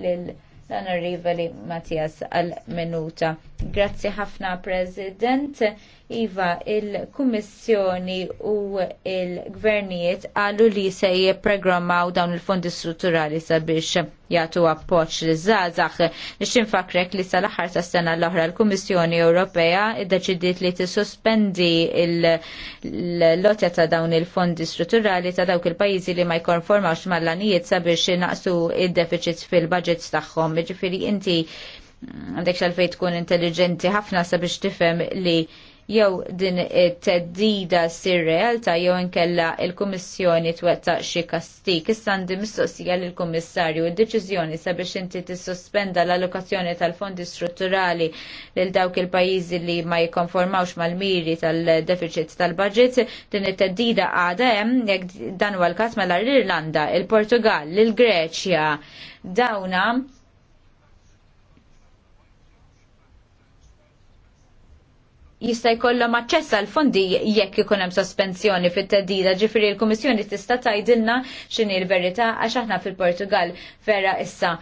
l dan arrivali Mattias għal-minuta. Grazzi ħafna, President. Iva, il-Kummissjoni u il-Gvernijiet għallu li se jipprogrammaw dawn il-fondi strutturali sabiex jagħtu appoġġ li zazax. Nixin fakrek li sal-aħħar tas-sena l-oħra l-Kummissjoni Ewropea id-deċidiet li t-suspendi l-lotja ta' dawn il-fondi strutturali ta' dawk il-pajjiżi li ma jkonformawx mal-lanijiet sabiex naqsu id-deficit fil-budgets tagħhom. Ġifieri inti għandek xalfej tkun intelligenti ħafna sabiex tifhem li jew din it-teddida sir realtà jew inkella il-Kummissjoni twettaq xi kastik. Issa għandi mistoqsija lill kummissarju id-deċiżjoni sabiex inti tissospenda l-allokazzjoni tal-fondi strutturali lil dawk il-pajjiżi li ma jikkonformawx mal-miri tal-deficit tal-budget din it-teddida għada hemm jekk dan huwa l-każ mela l-Irlanda, il-Portugal, il-Greċja dawna jista' jkollhom aċċess għal fondi jekk ikun hemm sospensjoni fit-tedida, ġifieri l-Kummissjoni tista' tgħidilna x'inhi l-verità għax aħna fil-Portugal vera issa.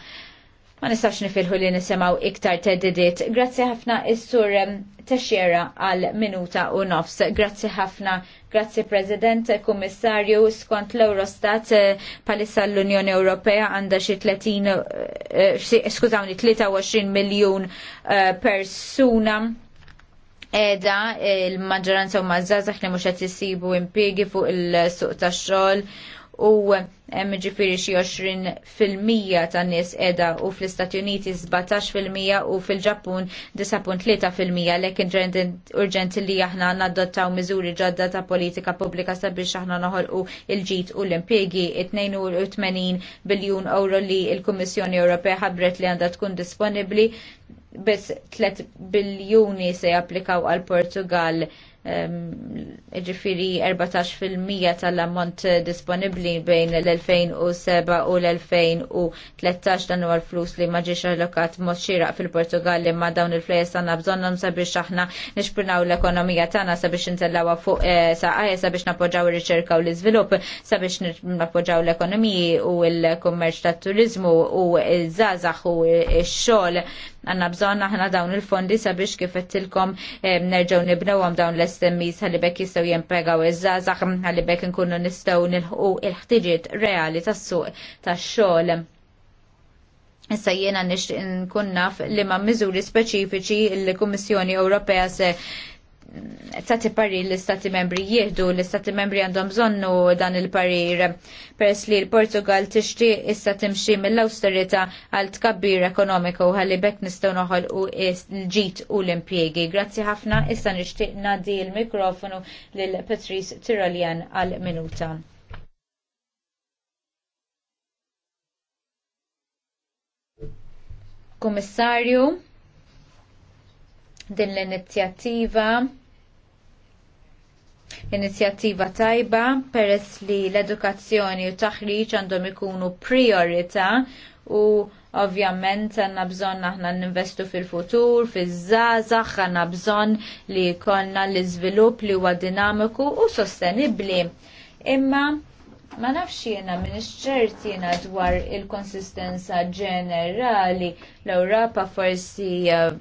Ma nistax nifilħu li nisimaw iktar teddidiet. Grazzi ħafna is-sur Texxera għal minuta u nofs. Grazzi ħafna, grazzi President, Kummissarju, skont l-Eurostat eh, palissa l-Unjoni Ewropea għandha xi 30 eh, eh, skużawni 23 miljun persuna edha il-maġġoranza huma żgħażagħ li mhux qed isibu impiegi fuq il-suq tax-xogħol u hemm ġifieri xi 20 fil-mija ta' nies qiegħda u fl-Istati Uniti 17 fil-mija u fil-Ġappun 9.3 fil-mija lek urġenti li aħna nadottaw miżuri ġodda ta' politika pubblika sabiex aħna noħolqu il-ġid u l-impjegi 82 biljun euro li l-Kummissjoni Ewropea ħabbret li għandha tkun disponibbli biss 3 biljuni se japplikaw għal Portugal ehm, ġifiri 14% tal-ammont disponibli bejn l-2007 u l-2013 dan huwa l-flus li ma ġiex allokat mod xieraq fil-Portugal li ma dawn il-flejes tagħna bżonnhom sabiex aħna nixpurnaw l-ekonomija tagħna sabiex intellawha fuq eh, saqajja sabiex nappoġġaw ir-riċerka u l-iżvilupp sabiex nappoġġaw l-ekonomiji u l-kummerċ tat-turiżmu u ż-żgħażagħ u x-xogħol Għanna bżon aħna dawn il-fondi sabiex kif tilkom eh, nerġaw nibnewhom dawn l-SMEs għalibek jistaw jistgħu jimpegaw iż żazax għalibek bekk inkunu nistgħu nilħu il-ħtiġiet reali tas-suq tax-xogħol. Issa jiena nix nkun naf li ma' miżuri speċifiċi l-Kummissjoni Ewropea se tati pari l-istati membri jieħdu, l-istati membri għandhom bżonnu dan il-parir pers li l-Portugal tixti issa timxi mill-austerita għal tkabbir ekonomiku għalli bekk nistaw noħol u l-ġit u l-impiegi. Grazzi ħafna, issa nixtieq nadi l-mikrofonu l Patrice Tirolian għal minuta. Kommissarju, din l-inizjattiva Inizjattiva tajba peress li l-edukazzjoni u taħriġ għandhom ikunu priorità u ovvjament għanna bżon aħna n-investu fil-futur, fil-żazax, għanna bżon li konna l-izvilup li huwa dinamiku u sostenibli. Imma ma nafx jiena minn ċert dwar il-konsistenza ġenerali l-Ewropa forsi eh,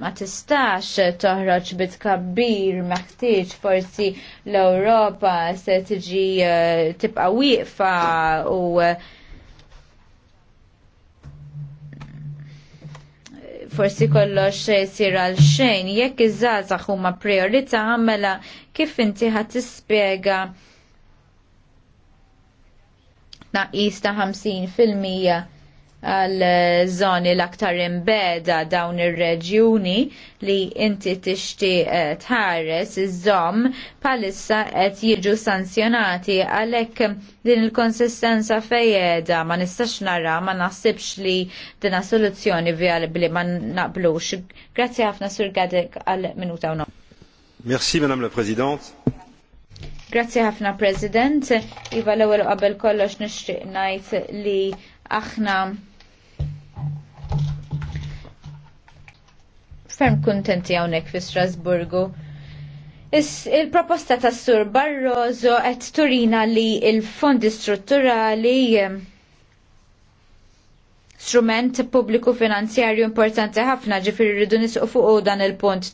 ma tistax toħroġ bit kabbir meħtieġ forsi l europa se tiġi eh, tibqa' wieqfa u eh, forsi kollox sir għal xejn, jekk iż-żgħażagħ huma priorità għamela kif inti ħat tispjega tnaqqis ta' 50% għal żoni l-aktar imbeda dawn ir-reġjuni li inti tixti eh, tħares iż-żomm palissa qed jiġu sanzjonati għalhekk din il-konsistenza fejjeda ma nistax nara ma naħsibx li din soluzzjoni bli ma naqblux. Grazzi ħafna Sur Gadek għal minuta u Merci Madame la Présidente. Grazzi ħafna President. Iva l-ewwel qabel kollox nixtieq ngħid li aħna ferm kuntenti hawnhekk fi Strasburgu. Il-proposta tas Sur Barroso qed turina li l fondi strutturali strument pubbliku finanzjarju importanti ħafna ġifiri rridu nisqu fuq dan il-punt.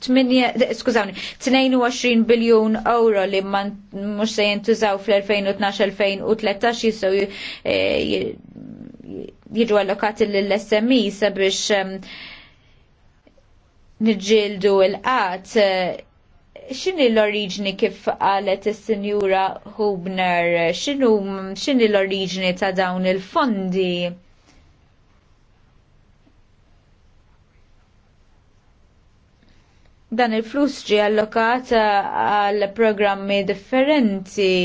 Skużawni, 22 biljun euro li man mux se jintużaw fl-2012-2013 jisow eh, jiġu allokati l-SMI e sabiex nġildu l qat X'inhi l-oriġni kif qalet is-Sinjura Hubner? X'inhi l origini ta' dawn il-fondi? dan il-flus ġi allokat eh, għal programmi differenti.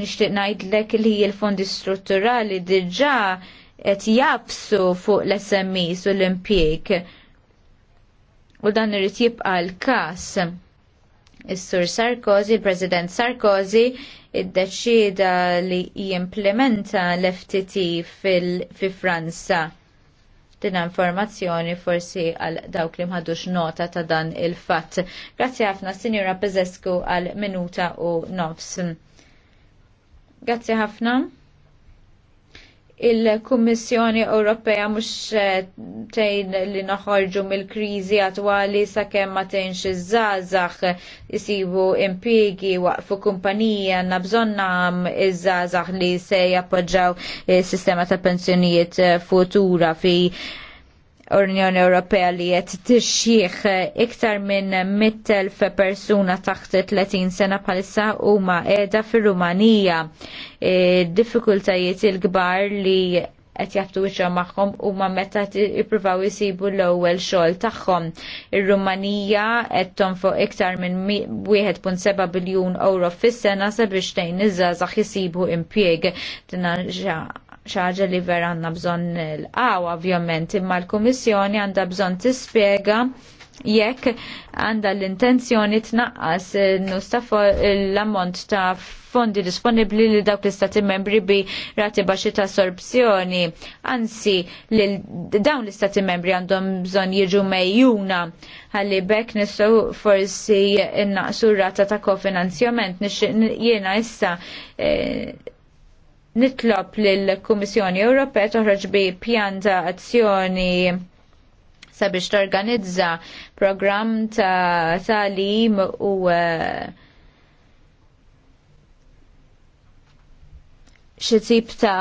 Nishtiq lek li l-fondi strutturali diġa qed jabsu fuq l-SMEs u l impjek U dan irrid jibqa' l-każ. Is-Sur Sarkozy, il-President Sarkozy, iddeċida li jimplementa l-FTT fi Franza din informazzjoni forsi għal dawk li mħadux nota ta' dan il-fatt. Grazzi ħafna, Sinjura Pezesku, għal minuta u nofs. Grazzi ħafna il-Kummissjoni Ewropea mhux eh, tgħin li noħorġu mill-kriżi attwali sakemm ma tgħinx iż-żgħażagħ isibu impjiegi waqfu kumpanija għandna bżonn iż-żgħażagħ li se jappoġġaw is-sistema ta' pensjonijiet futura fi Unjoni Ewropea li qed tixjih iktar minn 100,000 persuna taħt 30 sena bħalissa huma qiegħda fir-Rumanija. E, diffikultajiet il-kbar li qed jaftu wiċċhom magħhom huma meta jippruvaw isibu l-ewwel xogħol tagħhom. Ir-Rumanija qed tonfoq iktar minn 1.7 biljun euro fis-sena sabiex tgħin iż-żgħażagħ jisibu impjieg xaġa li vera għanna bżon l għaw ovvjament imma l-Kummissjoni għandha bżon tispjega jekk għandha l-intenzjoni tnaqqas l-ammont ta' fondi disponibli li dawk l-istati membri bi rati baxi ta' sorbzjoni. Anzi, dawn l-istati membri għandhom bżon jiġu mejjuna għalli bekk nistaw forsi innaqsu rata ta' kofinanzjament. Jiena issa eh, nitlob lill-Kummissjoni Ewropea toħroġ bi pjan ta' azzjoni sabiex torganizza programm ta' talim u eh, xi tip ta'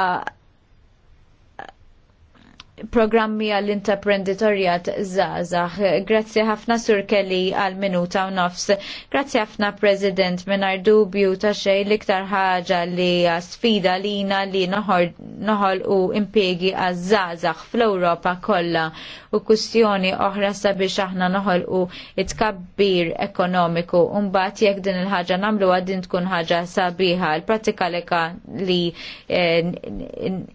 programmi għall-intraprenditorjat zazax. Grazzi ħafna Sur Kelly għal minuta u nofs. Grazzi ħafna President minar dubju ta' xej liktar ħaġa li sfida lina li noħol u impiegi għal zazax fl-Europa kolla u kustjoni oħra sabiex aħna noħol u itkabbir ekonomiku. Umbat jek din il ħaġa namlu għaddin tkun ħaġa sabiħa l-pratika li eh,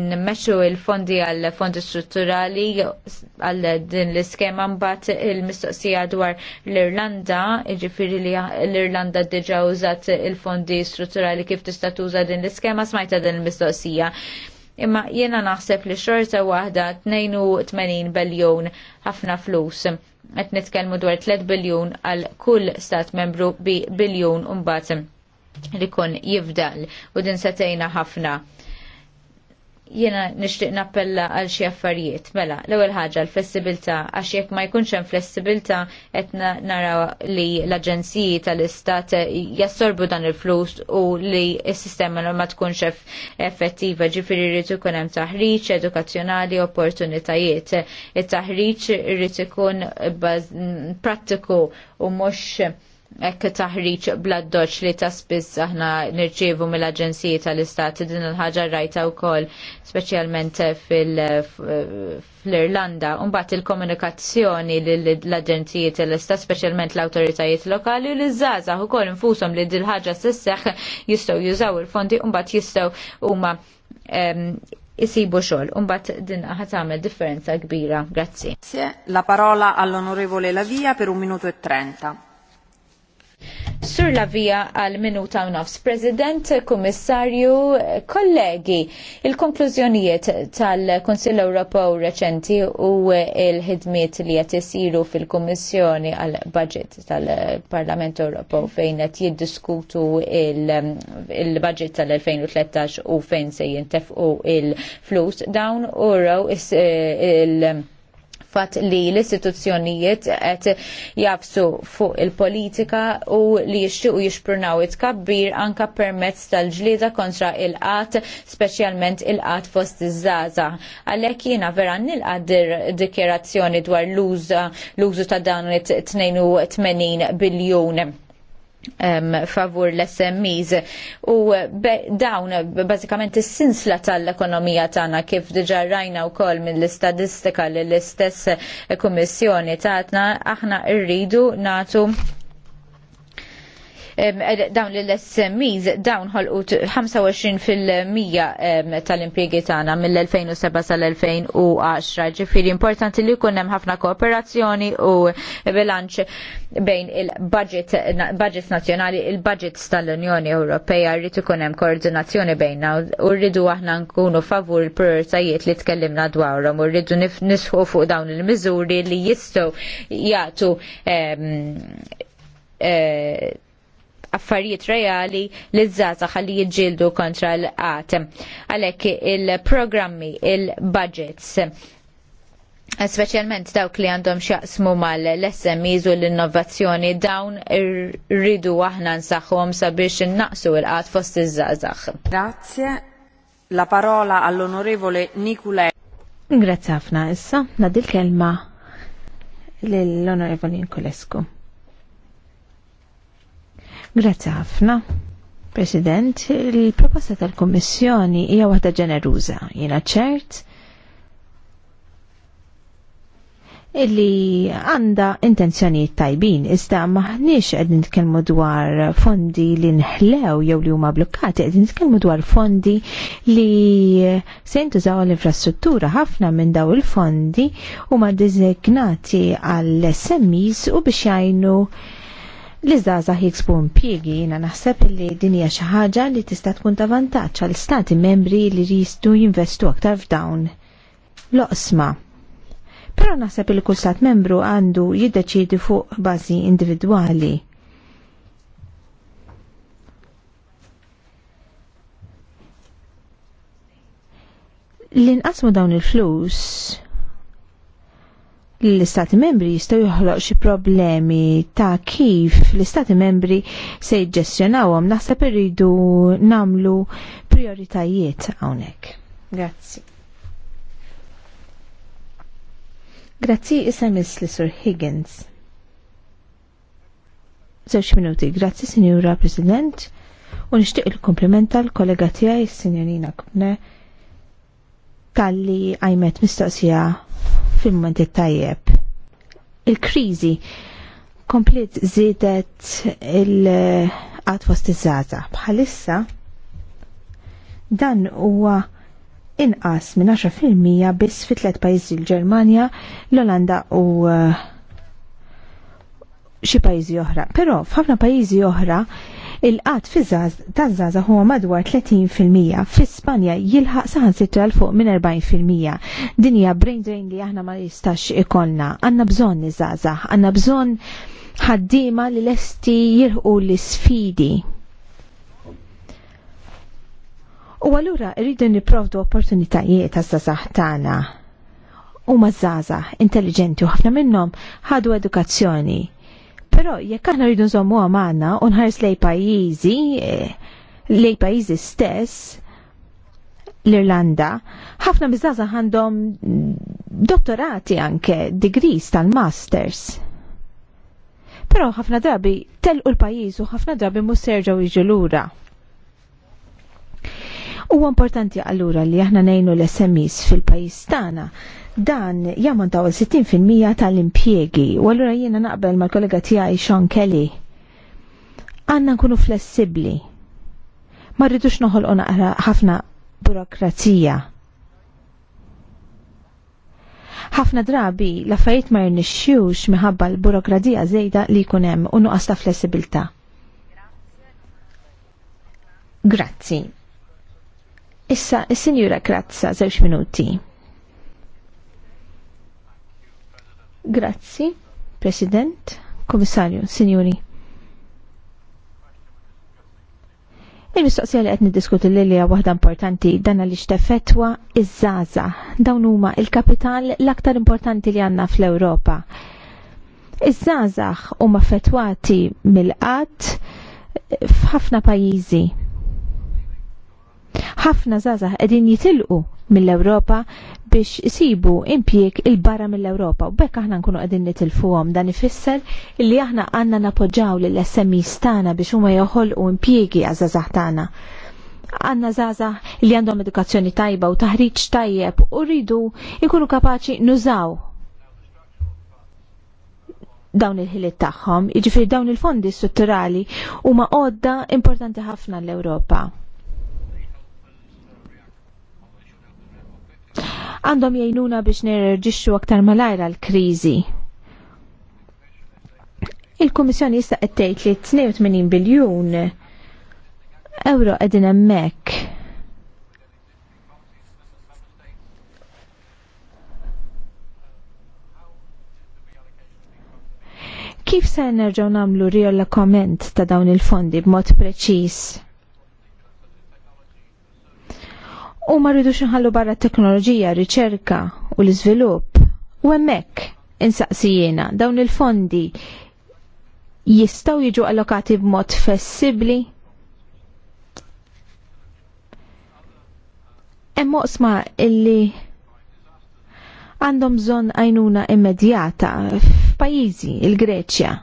nmexxu il-fondi għal fondi strutturali għal din l-iskema mbagħad il-mistoqsija dwar l-Irlanda, jiġifieri li l-Irlanda diġà użat il-fondi strutturali kif tista' tuża din l-iskema smajta din il-mistoqsija. Imma jiena naħseb li xorta waħda 82 biljon ħafna flus. Qed nitkellmu dwar 3 biljun għal kull stat membru bi biljun mbagħad li kun jifdal u din setejna ħafna Jiena nixtieq nappella għal xi affarijiet. Mela, l-ewwel ħaġa l-flessibilità għax jekk ma jkunx hemm flessibilità qed naraw li l-aġenziji tal-istat jassorbu dan il-flus u li s-sistema ma tkunx effettiva, ġifieri rrid ikun hemm taħriġ edukazzjonali opportunitajiet. It-taħriġ rrid ikun prattiku u mhux Ekk taħriġ bla li ta' spiss aħna nirċievu mill-Aġenziji tal-Istat din il-ħaġa rajta wkoll speċjalment fl-Irlanda. bat il-komunikazzjoni l-Aġenziji tal-Istat speċjalment l-awtoritajiet lokali u l-żgħażagħ ukoll infushom li din ħaġa sisseħ jistgħu jużaw il-fondi bat mbagħad jistgħu huma jisibu xol. bat din ħatamel differenza kbira. Grazzi. La parola all'onorevole Lavia per un minuto e trenta. Sur la via għal minuta u nofs. President, Kummissarju, kollegi, il-konklużjonijiet tal-Konsill Ewropew reċenti u il-ħidmiet li qed isiru fil-Kummissjoni għal budget tal-Parlament Ewropew fejn qed jiddiskutu il-budget il budget tal 2013 u fejn se jintefqu il-flus dawn u il fat li l-istituzzjonijiet qed jafsu fuq il-politika u li jixtiequ jixprunaw it-kabbir anka permezz tal-ġlieda kontra il-qat, speċjalment il-qat fost iż-żaza. Għalhekk jiena vera nilqadir dikjerazzjoni dwar l-użu ta' dan it 82 biljun um, favur l-SMEs u dawn bazzikament is-sinsla tal-ekonomija tagħna kif diġà rajna wkoll mill-istatistika li l-istess kummissjoni tatna aħna rridu natu Eh, dawn l-SMEs dawn ħolqut 25 fil-mija tal-impjegi tagħna mill-2007 sal-2010. Ġifieri importanti li jkun hemm ħafna kooperazzjoni u bilanċ bejn il-budget budgets nazzjonali, il-budgets tal-Unjoni Ewropea rrid ikun hemm koordinazzjoni bejna u rridu aħna nkunu favur il-prioritajiet li tkellimna dwarhom u rridu nisħu fuq dawn il-miżuri li jistgħu jagħtu eh, affarijiet reali li zzazax li jiġġieldu kontra l-qat. Għalhekk il-programmi, il-budgets, Specialment dawk li għandhom xaqsmu mal l-SMEs u l-innovazzjoni dawn rridu aħna nsaħħom sabiex naqsu il-qat fost iż-żazax. Grazie. La parola all'onorevole Nicolè. Grazie ħafna issa, nadil kelma l-onorevole Nicolescu. Grazzi ħafna. President, il-proposta tal-Kommissjoni hija waħda ġeneruża, jiena ċert illi għanda intenzjonijiet tajbin, iżda maħniex qegħdin nitkellmu dwar fondi li nħlew jew li huma blokkati, qegħdin nitkellmu dwar fondi li se jintużaw l-infrastruttura ħafna minn daw il-fondi huma designati għall SMEs u biex jgħinu l-izzaza jiksbu impjiegi jiena naħseb li din hija xi ħaġa li tista' tkun ta' vantaġġ għal stati membri li jistgħu jinvestu aktar f'dawn l-oqsma. Però naħseb li kull stat membru għandu jiddeċiedi fuq bażi individwali. L-inqasmu dawn il-flus l-istati membri jistaw joħloq xi problemi ta' kif l-istati membri se jġestjonawhom naħseb irridu namlu prioritajiet hawnhekk. Grazzi. Grazzi issa miss li Sur Higgins. Żewġ minuti, grazzi Sinjura President u nixtieq il-komplimenta l-kollega tiegħi Sinjorina Kubne tal-li għajmet mistoqsija fil-moment tajjeb. Il-krizi komplet zidet il-qat fost iż-żaza. Bħalissa dan huwa inqas minn 10% biss fi tliet pajjiżi l-Ġermanja, l-Olanda u uh, xi pajjiżi oħra. Però f'ħafna pajjiżi oħra il-qat taż-żaza huwa madwar 30% fi Spanja jilħaq saħansitra l fuq minn 40%. Dinja brain drain li aħna ma jistax ikollna. Għandna bżonn iż-żaza, għandna bżonn ħaddiema li lesti jirħu l-sfidi. U għallura rridu niprovdu opportunitajiet għazza saħtana. U zaza intelligenti u ħafna minnom ħadu edukazzjoni Però jekk aħna rridu nżommuha magħna u nħares lej pajjiżi, eh, lej pajjiżi stess, l-Irlanda, ħafna bizzaza għandhom dottorati anke, degrees tal-masters. Però ħafna drabi telqu l-pajjiż u ħafna drabi mhux serġgħu jiġu lura. Huwa importanti allura li aħna nejnu l-SMEs fil-pajis tagħna dan jammontaw il-60% tal-impjegi u allura jiena naqbel mal-kollega tiegħi Sean Kelly. Għanna nkunu flessibbli. Ma rridux noħolqu naqra ħafna burokrazija ħafna drabi l-affarijiet ma jirnixxux minħabba l-burokrazija żejda li jkun hemm u nuqqas ta' flessibilità. Grazzi. Issa, il-Sinjura Kratza zewx minuti. Grazzi, President, Komissarju, Sinjuri. Il-mistoqsija li qed niddiskuti li li waħda importanti dan li xtefetwa iż żaza Dawn huma il-kapital l-aktar importanti li għandna fl-Ewropa. Iż-żażaħ huma fetwati mill-qatt f'ħafna pajjiżi Ħafna zazah qegħdin jitilqu mill-Ewropa biex isibu impjek il-barra mill-Ewropa u bekk aħna nkunu qegħdin nitilfuhom dan ifisser li aħna għandna napoġġaw lill smi tagħna biex huma joħolqu impjiegi għażażaħ tagħna. Għanna zaza li għandhom edukazzjoni tajba u taħriġ tajjeb u rridu jkunu kapaċi nużaw dawn il-ħiliet tagħhom, jiġifieri dawn il-fondi strutturali huma għodda importanti ħafna l-Ewropa. għandhom jajnuna biex nirġixxu aktar malajra l-kriżi. Il-Kummissjoni jista' qed tgħid li 82 biljun euro qegħdin hemmhekk. Kif se nerġgħu nagħmlu rjolla komment ta' dawn il-fondi b'mod preċiż? u ma rridux nħallu barra t teknoloġija, riċerka u l-iżvilupp. U hemmhekk insaqsijena dawn il-fondi jistaw jiġu allokati b'mod flessibbli. Hemm oqsma illi għandhom bżonn għajnuna immedjata f'pajjiżi il-Greċja.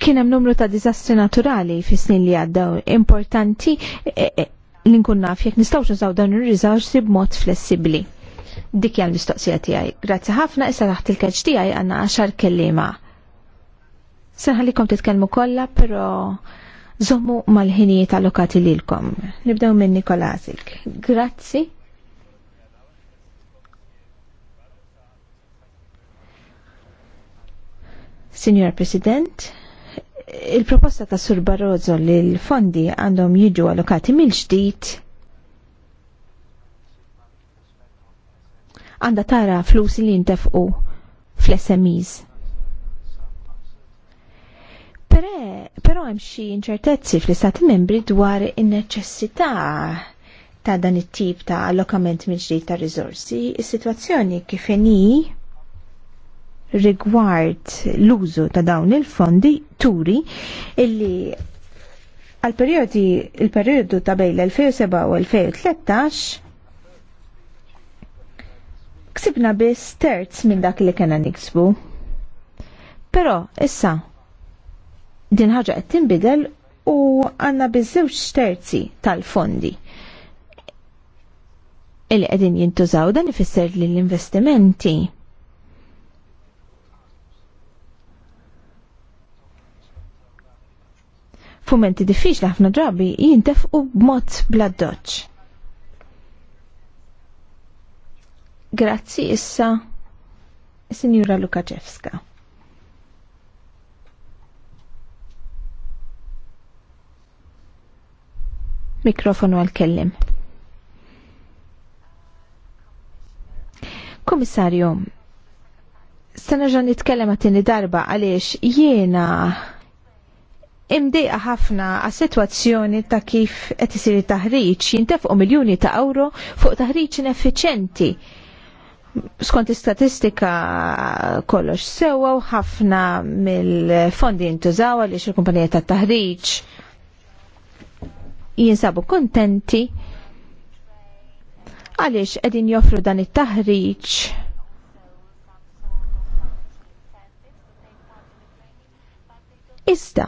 Kien hemm numru ta' diżastri naturali fis-snin li għaddaw. importanti e, e, e, li nkun naf jekk nistgħu nużaw dawn ir-riżorsi b'mod flessibbli. Dik hija l-mistoqsija tiegħi. Grazzi ħafna issa taħt il-keċ tiegħi għandna għaxar kelliema. Senħallikom titkellmu kollha, però żommu mal-ħinijiet allokati lilkom. Nibdew minn Nikolasik. Grazzi. Signor President, il-proposta ta' Sur Barroso li l-fondi għandhom jiġu allokati mill-ġdid għanda tara flus li jintefqu fl-SMEs. Però hemm xi inċertezzi fl-Istati membri dwar in-neċessità ta' dan it-tip ta' allokament mill-ġdid ta' riżorsi, is-sitwazzjoni kif inhi rigward l-użu ta' dawn il-fondi turi illi għal periodi il-periodu ta' bejn l-2007 u 2013 ksibna biss terz minn dak li kena niksbu. Però issa din ħaġa qed tinbidel u għandna biż-żewġ terzi tal-fondi illi qegħdin jintużaw dan ifisser li l-investimenti fumenti diffiċli ħafna drabi jintefqu b'mod bla doċ. Grazzi issa Signora Lukaczewska. Mikrofonu għal-kellim. Komissarju, sanaġan nitkellem għatini darba għaliex jiena imdejqa ħafna għas situazzjoni ta' kif qed isir taħriġ jintefqu miljuni ta' euro fuq taħriġ ineffiċenti. Skont istatistika kollox sewa u ħafna mill-fondi jintużaw għaliex il-kumpanija ta' taħriġ jinsabu kontenti għaliex qegħdin joffru dan it-taħriġ Ista,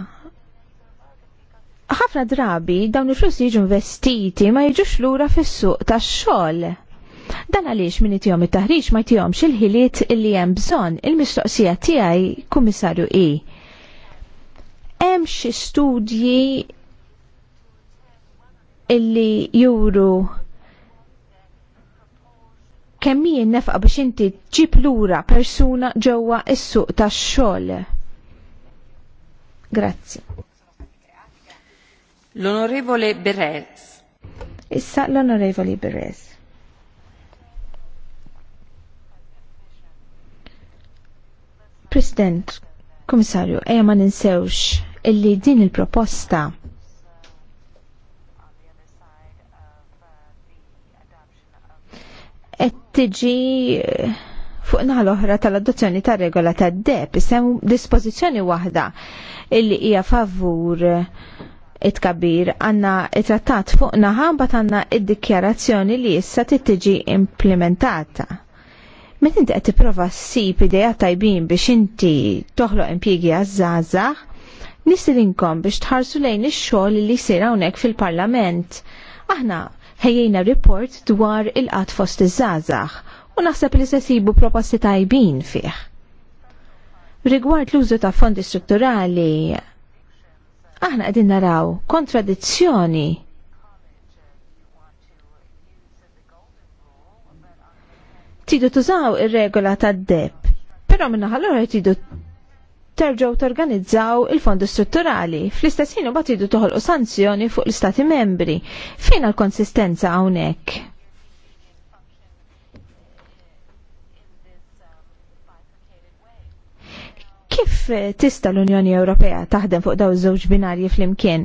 ħafna drabi dawn il-flus jiġu investiti ma jiġux lura fis-suq tax-xogħol. Dan għaliex min itihom it-taħriġ ma jtihomx il-ħiliet li hemm bżonn il-mistoqsija tiegħi kummissarju i. Hemm xi studji illi juru kemm jien nefqa biex inti ġib lura persuna ġewwa s suq tax-xogħol. Grazzi. L-Onorevole Beres. Issa l-Onorevole Beres. President, Komissarju, eja ma ninsewx illi din il-proposta tiġi eh, fuq l-oħra tal-adozzjoni ta' regola ta' DEP, sem dispożizzjoni waħda illi hija favur it-kabir għanna it-trattat fuq naħamba għanna id-dikjarazzjoni li issa tittiġi implementata. Met inti qed tipprova ssib idea tajbin biex inti toħloq impjiegi għaż-żgħażagħ, nisilinkom biex tħarsu lejn ix-xogħol li jsir hawnhekk fil-Parlament. Aħna ħejjina report dwar il qat fost iż-żgħażagħ u naħseb li se sibu proposti tajbin fih. Rigward l-użu ta' fondi strutturali, aħna qegħdin naraw kontradizzjoni tidu tużaw ir-regola tad-deb, però minna ħallura oħra tidu terġgħu torganizzaw il-fondi strutturali, fl istessinu bat u tidu toħolqu sanzjoni fuq l-Istati membri. Fejn l-konsistenza hawnhekk? Kif eh, tista l-Unjoni Ewropea taħdem fuq daw żewġ binarji flimkien?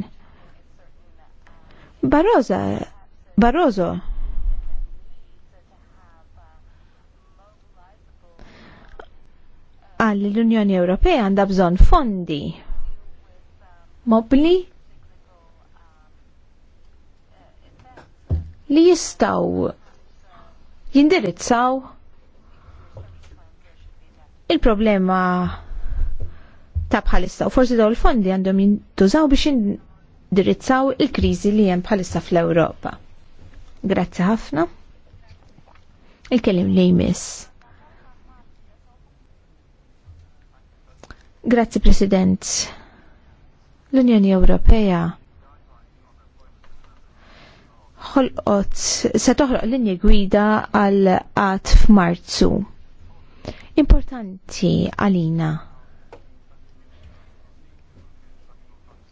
Barroza, Barroso. Għal l-Unjoni Ewropea għandha bżonn fondi mobli li jistaw jindirizzaw il-problema ta' bħalissa u forsi daw l-fondi għandhom jintużaw biex indirizzaw il-kriżi li hemm bħalissa fl-Ewropa. Grazzi ħafna. Il-kelim li jmiss. Grazzi President. L-Unjoni Ewropea ħolqot se toħloq linji gwida għal qatt f'Marzu. Importanti għalina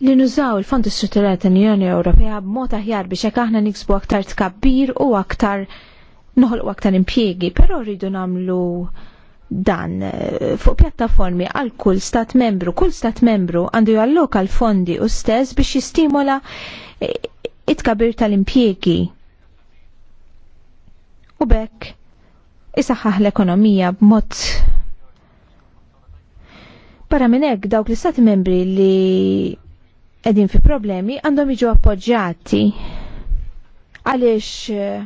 li nużaw il-Fondi Strutturali tal-Unjoni Ewropea b'mod aħjar biex hekk aħna niksbu aktar tkabbir u aktar noħolqu aktar impjiegi, però rridu nagħmlu dan eh, fuq pjattaformi għal kull stat membru. Kull stat membru għandu jalloka l-fondi u stess biex jistimola eh, it-kabir tal impjiegi U bekk isaħħaħ l-ekonomija b'mod Para minn hekk dawk l-istati membri li edin fi problemi għandhom jiġu appoġġjati għaliex eh,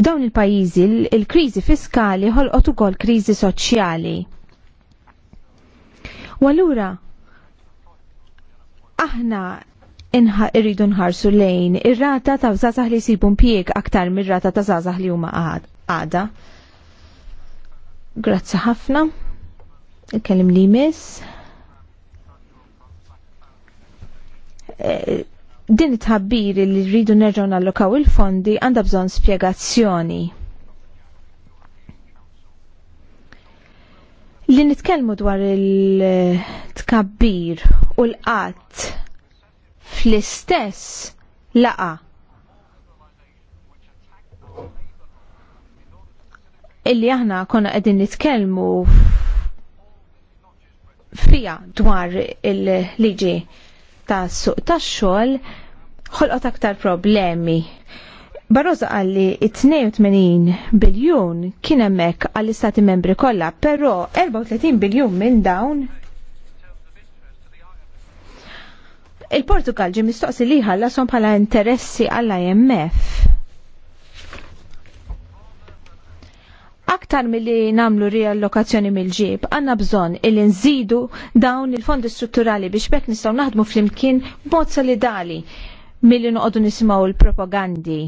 f'dawn il-pajjiżi il-kriżi fiskali ħolqot ukoll kriżi soċjali. U allura aħna irridu nħarsu lejn ir-rata ta' żgħażagħ li jsibu mpjieg aktar mir-rata ta' żgħażagħ li huma għada. Grazzi ħafna. Ikkellim li miss. din it-ħabbiri li rridu nerġgħu nallokaw il-fondi għandha bżonn spjegazzjoni. Li nitkellmu dwar il-tkabbir u l-qatt fl-istess laqa. Illi aħna konna qegħdin nitkellmu fija dwar il-liġi ta' suq tax-xogħol ħolqot aktar problemi. Barroza għalli 82 biljun kien hemmhekk għall istati membri kollha, però 34 biljun minn dawn il-Portugal ġi mistoqsi li ħallasom bħala interessi għall-IMF. aktar milli namlu riallokazzjoni mill-ġib, għanna bżon il nżidu dawn il-fondi strutturali biex bekk nistaw naħdmu fl-imkien b'mod solidali milli noqogħdu nisimgħu l-propagandi.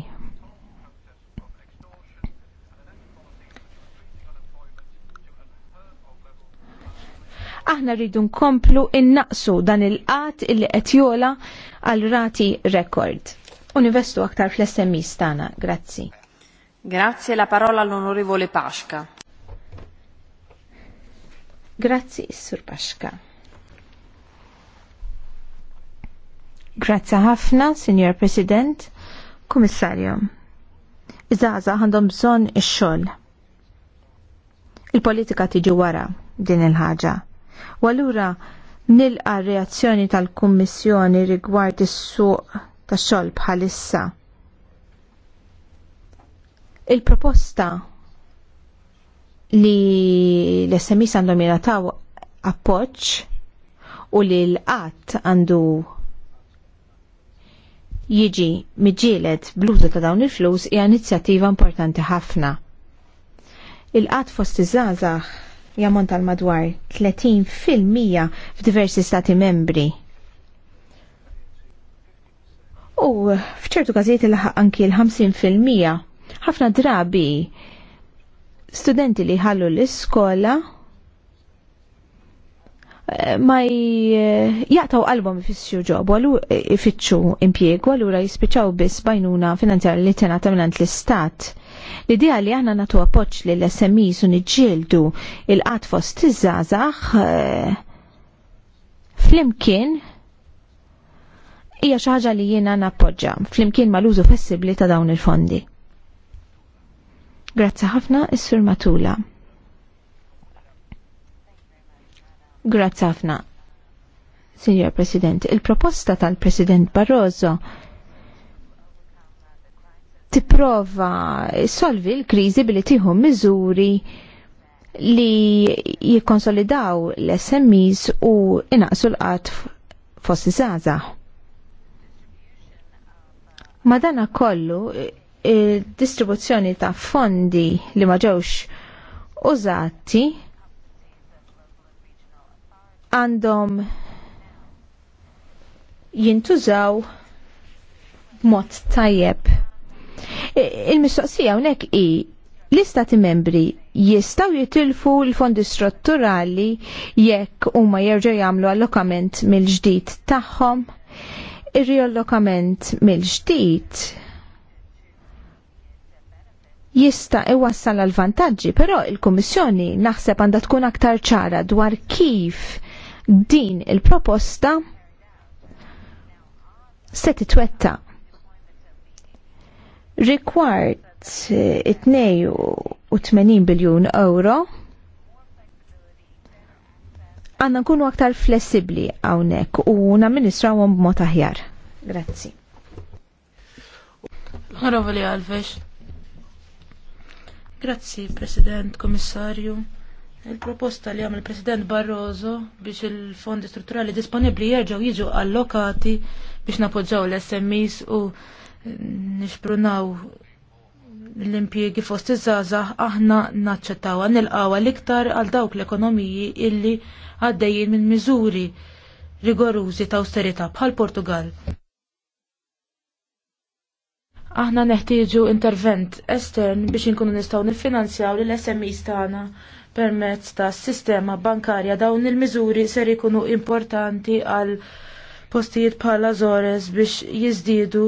Aħna rridu nkomplu innaqsu dan il-qat il-li qed għal rati rekord. Univestu aktar fl-SMI stana. Grazzi. Grazie, la parola all'onorevole Pasca. Grazie, Sur Pasca. Grazie ħafna, Signor President, Kummissarju. Iżaza għandhom bżonn ix-xogħol. Il-politika tiġi wara din il-ħaġa. Walura nilqa reazzjoni tal-Kummissjoni rigward is-suq tax-xogħol bħalissa Il-proposta li l-SMIs għandhom jirataw appoċ u li l-qatt għandu jiġi miġielet bluzu ta' dawn il-flus hija inizjattiva importanti ħafna. il qat fost iż-żgħażagħ jamont tal madwar 30% fil-mija f'diversi stati membri. U f'ċertu każijiet il anki l-50% Ħafna drabi studenti li ħallu l-iskola eh, ma jgħataw eh, qalbhom fissju ġob, għallu eh, ifittxu impjieg, allura jispiċċaw biss bajnuna finanzjar li tena minn l-istat. L-idea li aħna nagħtu appoġġ li l smi u niġġieldu il qatfos fost iż-żgħażagħ flimkien hija xi ħaġa li jiena nappoġġa flimkien mal-użu flessibbli ta' dawn il-fondi. Grazzi ħafna is-Sur Matula. Grazzi ħafna. Signor President, il-proposta tal-President Barroso tipprova solvi l-kriżi billi tieħu miżuri li jikkonsolidaw l-SMEs u inaqsu l-qatt fossi iż-żgħażagħ. Madana kollu il-distribuzzjoni ta' fondi li ma ġewx użati għandhom jintużaw b'mod tajjeb. Il-mistoqsija hawnhekk hi l-istati membri jistaw jitilfu l-fondi strutturali jekk huma jerġgħu jagħmlu allokament mill-ġdid tagħhom. Ir-riallokament mill-ġdid jista' iwassal għal vantaġġi, però il-Kummissjoni naħseb għandha tkun aktar ċara dwar kif din il-proposta se titwetta. Rikward 82 eh, biljun euro għanna nkunu aktar flessibli għawnek u namministrawhom b'mod aħjar. Grazzi. Għarovali Alves. Grazzi, President, Komissarju. Il-proposta li għamil President Barroso biex il-fondi strutturali disponibli jerġaw jiġu allokati biex napoġġaw l smis u eh, nixprunaw l-impjiegi fost iż-żgħażagħ aħna naċċettawha nilqgħuha l-iktar għal dawk l-ekonomiji illi għaddejjin minn miżuri rigorużi ta' austerita bħal Portugal. Aħna neħtieġu intervent estern biex inkunu nistgħu niffinanzjaw lil SMEs tagħna permezz ta' sistema bankarja dawn il-miżuri ser ikunu importanti għal postijiet bħala Zores biex jiżdiedu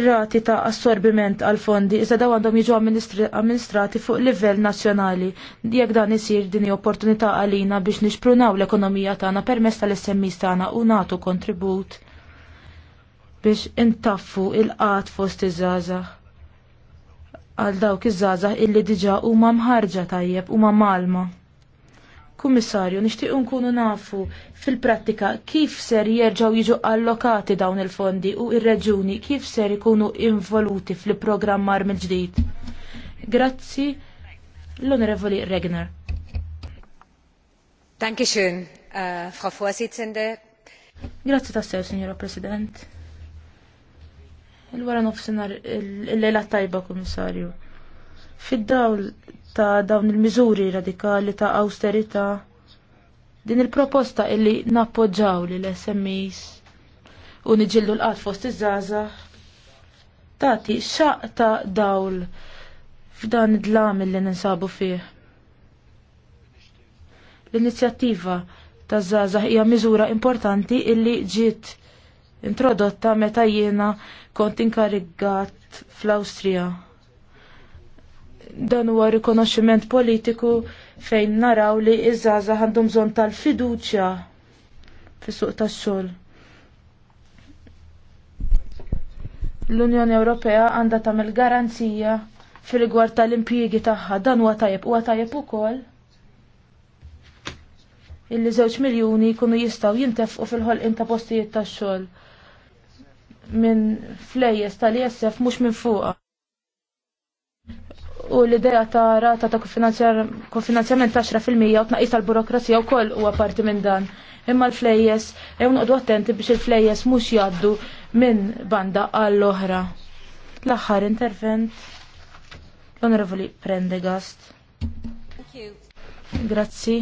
ir-rati ta' assorbiment għal fondi iżda daw għandhom jiġu amministrati fuq livell nazzjonali. Jekk dan isir dini opportunità għalina biex nixprunaw l-ekonomija tagħna permezz tal-SMEs tagħna u nagħtu kontribut biex intaffu il-qat fost iż-żgħażagħ għal dawk iż-żgħażagħ illi diġà huma mħarġa tajjeb huma malma. Kummissarju, nixtieq nkunu nafu fil-prattika kif ser jerġgħu jiġu allokati dawn il-fondi u ir-reġuni kif ser ikunu involuti fil-programmar mill-ġdid. Grazzi l-Onorevoli Regner. Dankeschön, uh, Frau Vorsitzende. Grazzi tassew, Signora President. Il-wara nofsinhar il-lejla tajba, Kummissarju. Fid-dawl ta' dawn il-miżuri radikali ta' austerità, din il-proposta illi nappoġġaw li l-SMEs u niġillu l-qat fost iż-żaza tati xaq ta' dawl f'dan id-dlam li ninsabu fih. L-inizjattiva ta' żaza hija miżura importanti illi ġiet introdotta meta jiena kont inkarigat fl-Awstrija. Dan huwa rikonoxximent politiku fejn naraw li iż-żgħażagħ għandhom bżonn tal-fiduċja fis-suq tax-xogħol. L-Unjoni Ewropea għandha tagħmel garanzija fil-rigward tal-impjiegi tagħha dan huwa tajjeb huwa tajjeb ukoll illi żewġ miljuni jkunu jistgħu jintefqu fil-ħolqien ta' postijiet tax-xogħol minn flejjes tal-ISF mhux minn fuqa. U l-idea ta' rata ta' kofinanzjament ta' 10% u tnaqis tal-burokrazija wkoll huwa parti minn dan. Imma l-flejjes hemm noqgħdu attenti biex il-flejjes mhux jgħaddu minn banda għall oħra L-aħħar intervent l-Onorevoli Prendegast. Grazzi.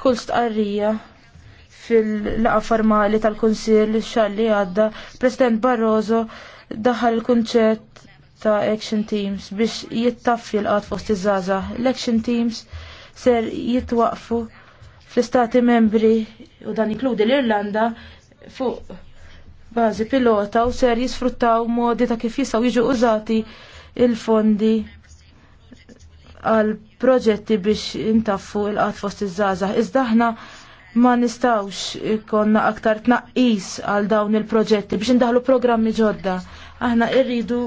Kull stqarrija fil-laqa formali tal li xar li għadda, President Barroso daħal il-kunċett ta' Action Teams biex jittaffi l-qat fost iż-żaza. L-Action Teams ser jitwaqfu fl-istati membri u dan inkludi l-Irlanda fuq bażi pilota u ser jisfruttaw modi ta' kif jisaw jiġu użati il-fondi għal proġetti biex intaffu l qat fost iż-żaza. Iżda aħna ma nistawx ikonna aktar tnaqqis għal dawn il-proġetti biex ndaħlu programmi ġodda. Aħna irridu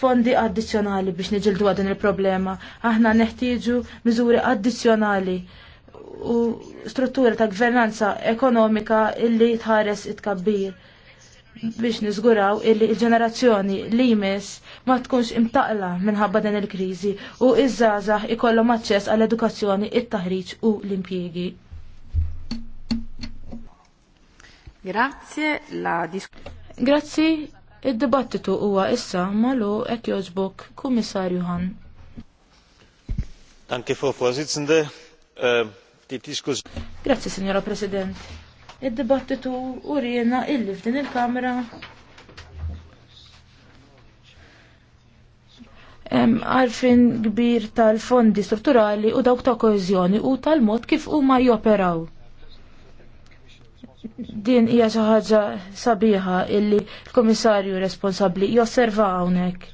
fondi addizzjonali biex niġildu għadin il-problema. Aħna neħtieġu miżuri addizzjonali u strutturi ta' gvernanza ekonomika illi tħares it-kabbir biex nizguraw illi il-ġenerazzjoni li jmes ma tkunx imtaqla minħabba din il-kriżi u iż-żgħażagħ ikollhom aċċess għall-edukazzjoni, it-taħriġ u l-impjiegi. Grazie, la Grazzi, id-dibattitu huwa issa malu qed jogħġbok Kummissarju Johan. Danke, Frau Vorsitzende. Ähm, Grazzi, Signora President. Id-dibattitu urjena illi f'din il kamera għarfin kbir tal-fondi strutturali u dawk ta' koezjoni u tal-mod kif huma joperaw din hija xi ħaġa sabiħa illi l-Komissarju responsabbli josserva hawnhekk.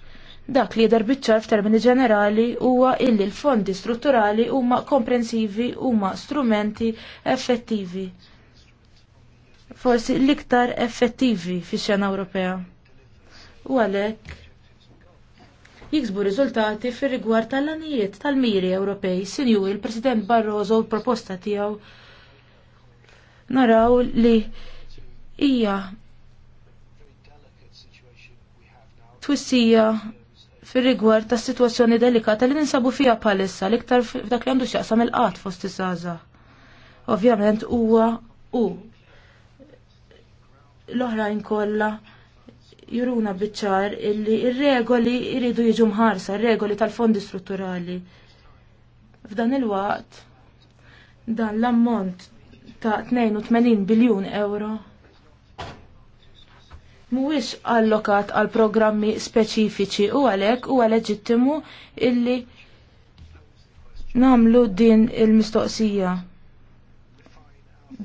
Dak li jidher biċ f'termini ġenerali huwa illi l-fondi strutturali huma komprensivi huma strumenti effettivi. Forsi l-iktar effettivi fix-xena Ewropea. U għalhekk jiksbu riżultati fir-rigward tal-anijiet tal-miri Ewropej, sinju il-President Barroso l proposta tiegħu naraw li hija twissija fir-rigward ta' situazzjoni delikata li ninsabu fija palissa li ktar f'dak li għandu x'jaqsam il-qat fost iż Ovvjament huwa u l-oħrajn kollha juruna biċċar illi ir-regoli jridu jiġu mħarsa, ir-regoli tal-fondi strutturali. F'dan il-waqt dan l-ammont ta' 82 biljun euro mhuwiex allokat għal programmi speċifiċi u għalhekk huwa leġittimu illi nagħmlu din il-mistoqsija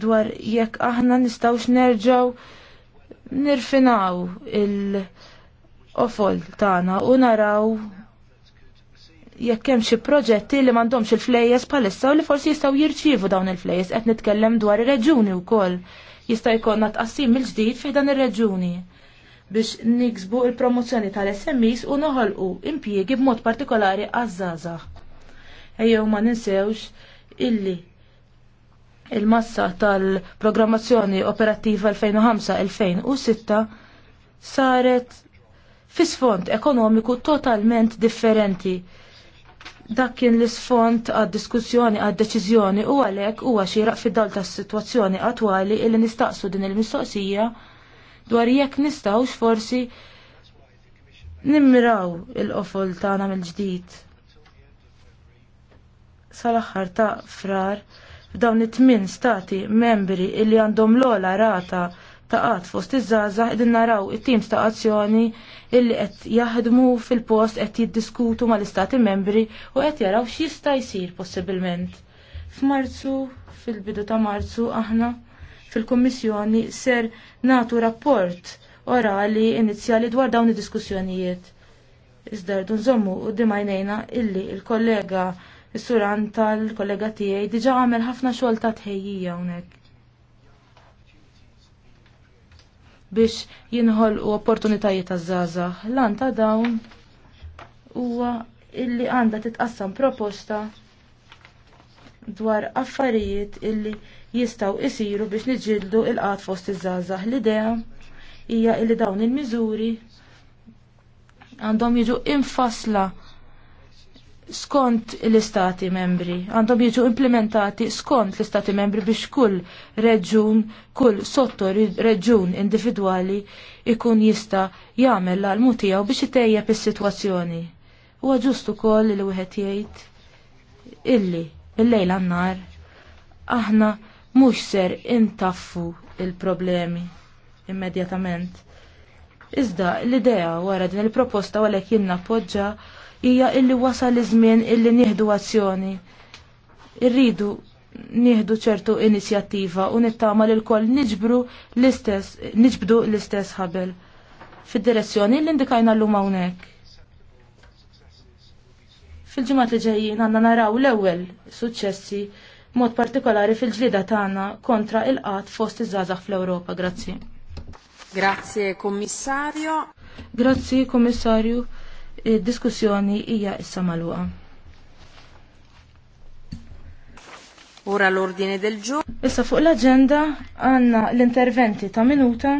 dwar jekk aħna nistgħux nerġgħu nirfinaw il ofol tagħna u naraw jekk hemm xi proġetti li m'għandhomx il-flejjes bħalissa u li forsi jistgħu jirċievu dawn il-flejjes qed nitkellem dwar ir-reġuni wkoll. Jista' jkollna tqassim il-ġdid fi dan ir-reġuni biex niksbu il-promozzjoni tal-SMEs u noħolqu impjiegi b'mod partikolari għaż-żgħażagħ. Ejjew ma ninsewx illi il-massa tal-programmazzjoni operattiva 2005-2006 saret fi sfond ekonomiku totalment differenti Dak kien l-isfond għad diskussjoni għad deċiżjoni u għalhekk huwa għaxi fid-dal tas-sitwazzjoni attwali illi nistaqsu din il-mistoqsija dwar jekk nistgħux forsi nimmiraw il-qofol tagħna mill-ġdid. Sal-aħħar ta' frar f'dawn it-tmien stati membri illi għandhom l-ola rata ta' fost iż-żgħażagħ din naraw it tim ta' azzjoni illi qed jaħdmu fil-post qed jiddiskutu mal-istati membri u qed jaraw x'jista' jsir possibilment. F'Marzu, fil-bidu ta' Marzu aħna fil-Kummissjoni ser natu rapport orali inizjali dwar dawn id-diskussjonijiet. Iżda rdu nżommu u dimajnejna illi il-kollega Is-suran tal-kollega tiegħi diġa għamel ħafna xogħol ta' tħejjija hawnhekk. biex jinħolqu opportunitajiet għaż-żgħażagħ. Lan ta' dawn huwa illi għandha titqassam proposta dwar affarijiet illi jistgħu isiru biex niġildu il-qat fost iż-żgħażagħ. L-idea hija illi dawn il-miżuri għandhom jiġu infasla skont l-istati membri, għandhom jiġu implementati skont l-istati membri biex kull reġun, kull sotto reġun individwali ikun jista jagħmel l għalmu tiegħu biex itejjeb is-sitwazzjoni. Huwa ġustu koll li wieħed jgħid illi bil-lejl għan-nar aħna mhux ser intaffu il-problemi immedjatament. Iżda l-idea wara din il-proposta għalhekk jien nappoġġa hija illi wasal iż-żmien illi nieħdu azzjoni. Irridu nieħdu ċertu inizjattiva u nittama li l-koll niġbru l-istess, niġbdu l-istess ħabel fid-direzzjoni li indikajna l-lum hawnhekk. Fil-ġimgħat li ġejjin għandna naraw l-ewwel suċċessi mod partikolari fil-ġlida tagħna kontra il-qatt fost iż-żgħażagħ fl-Ewropa. Grazzi. Grazie Kommissarju. Grazzi Kommissarju diskussjoni hija issa magħluqa. Ora l-ordine del giorno. Issa fuq l-agenda għanna l-interventi ta' minuta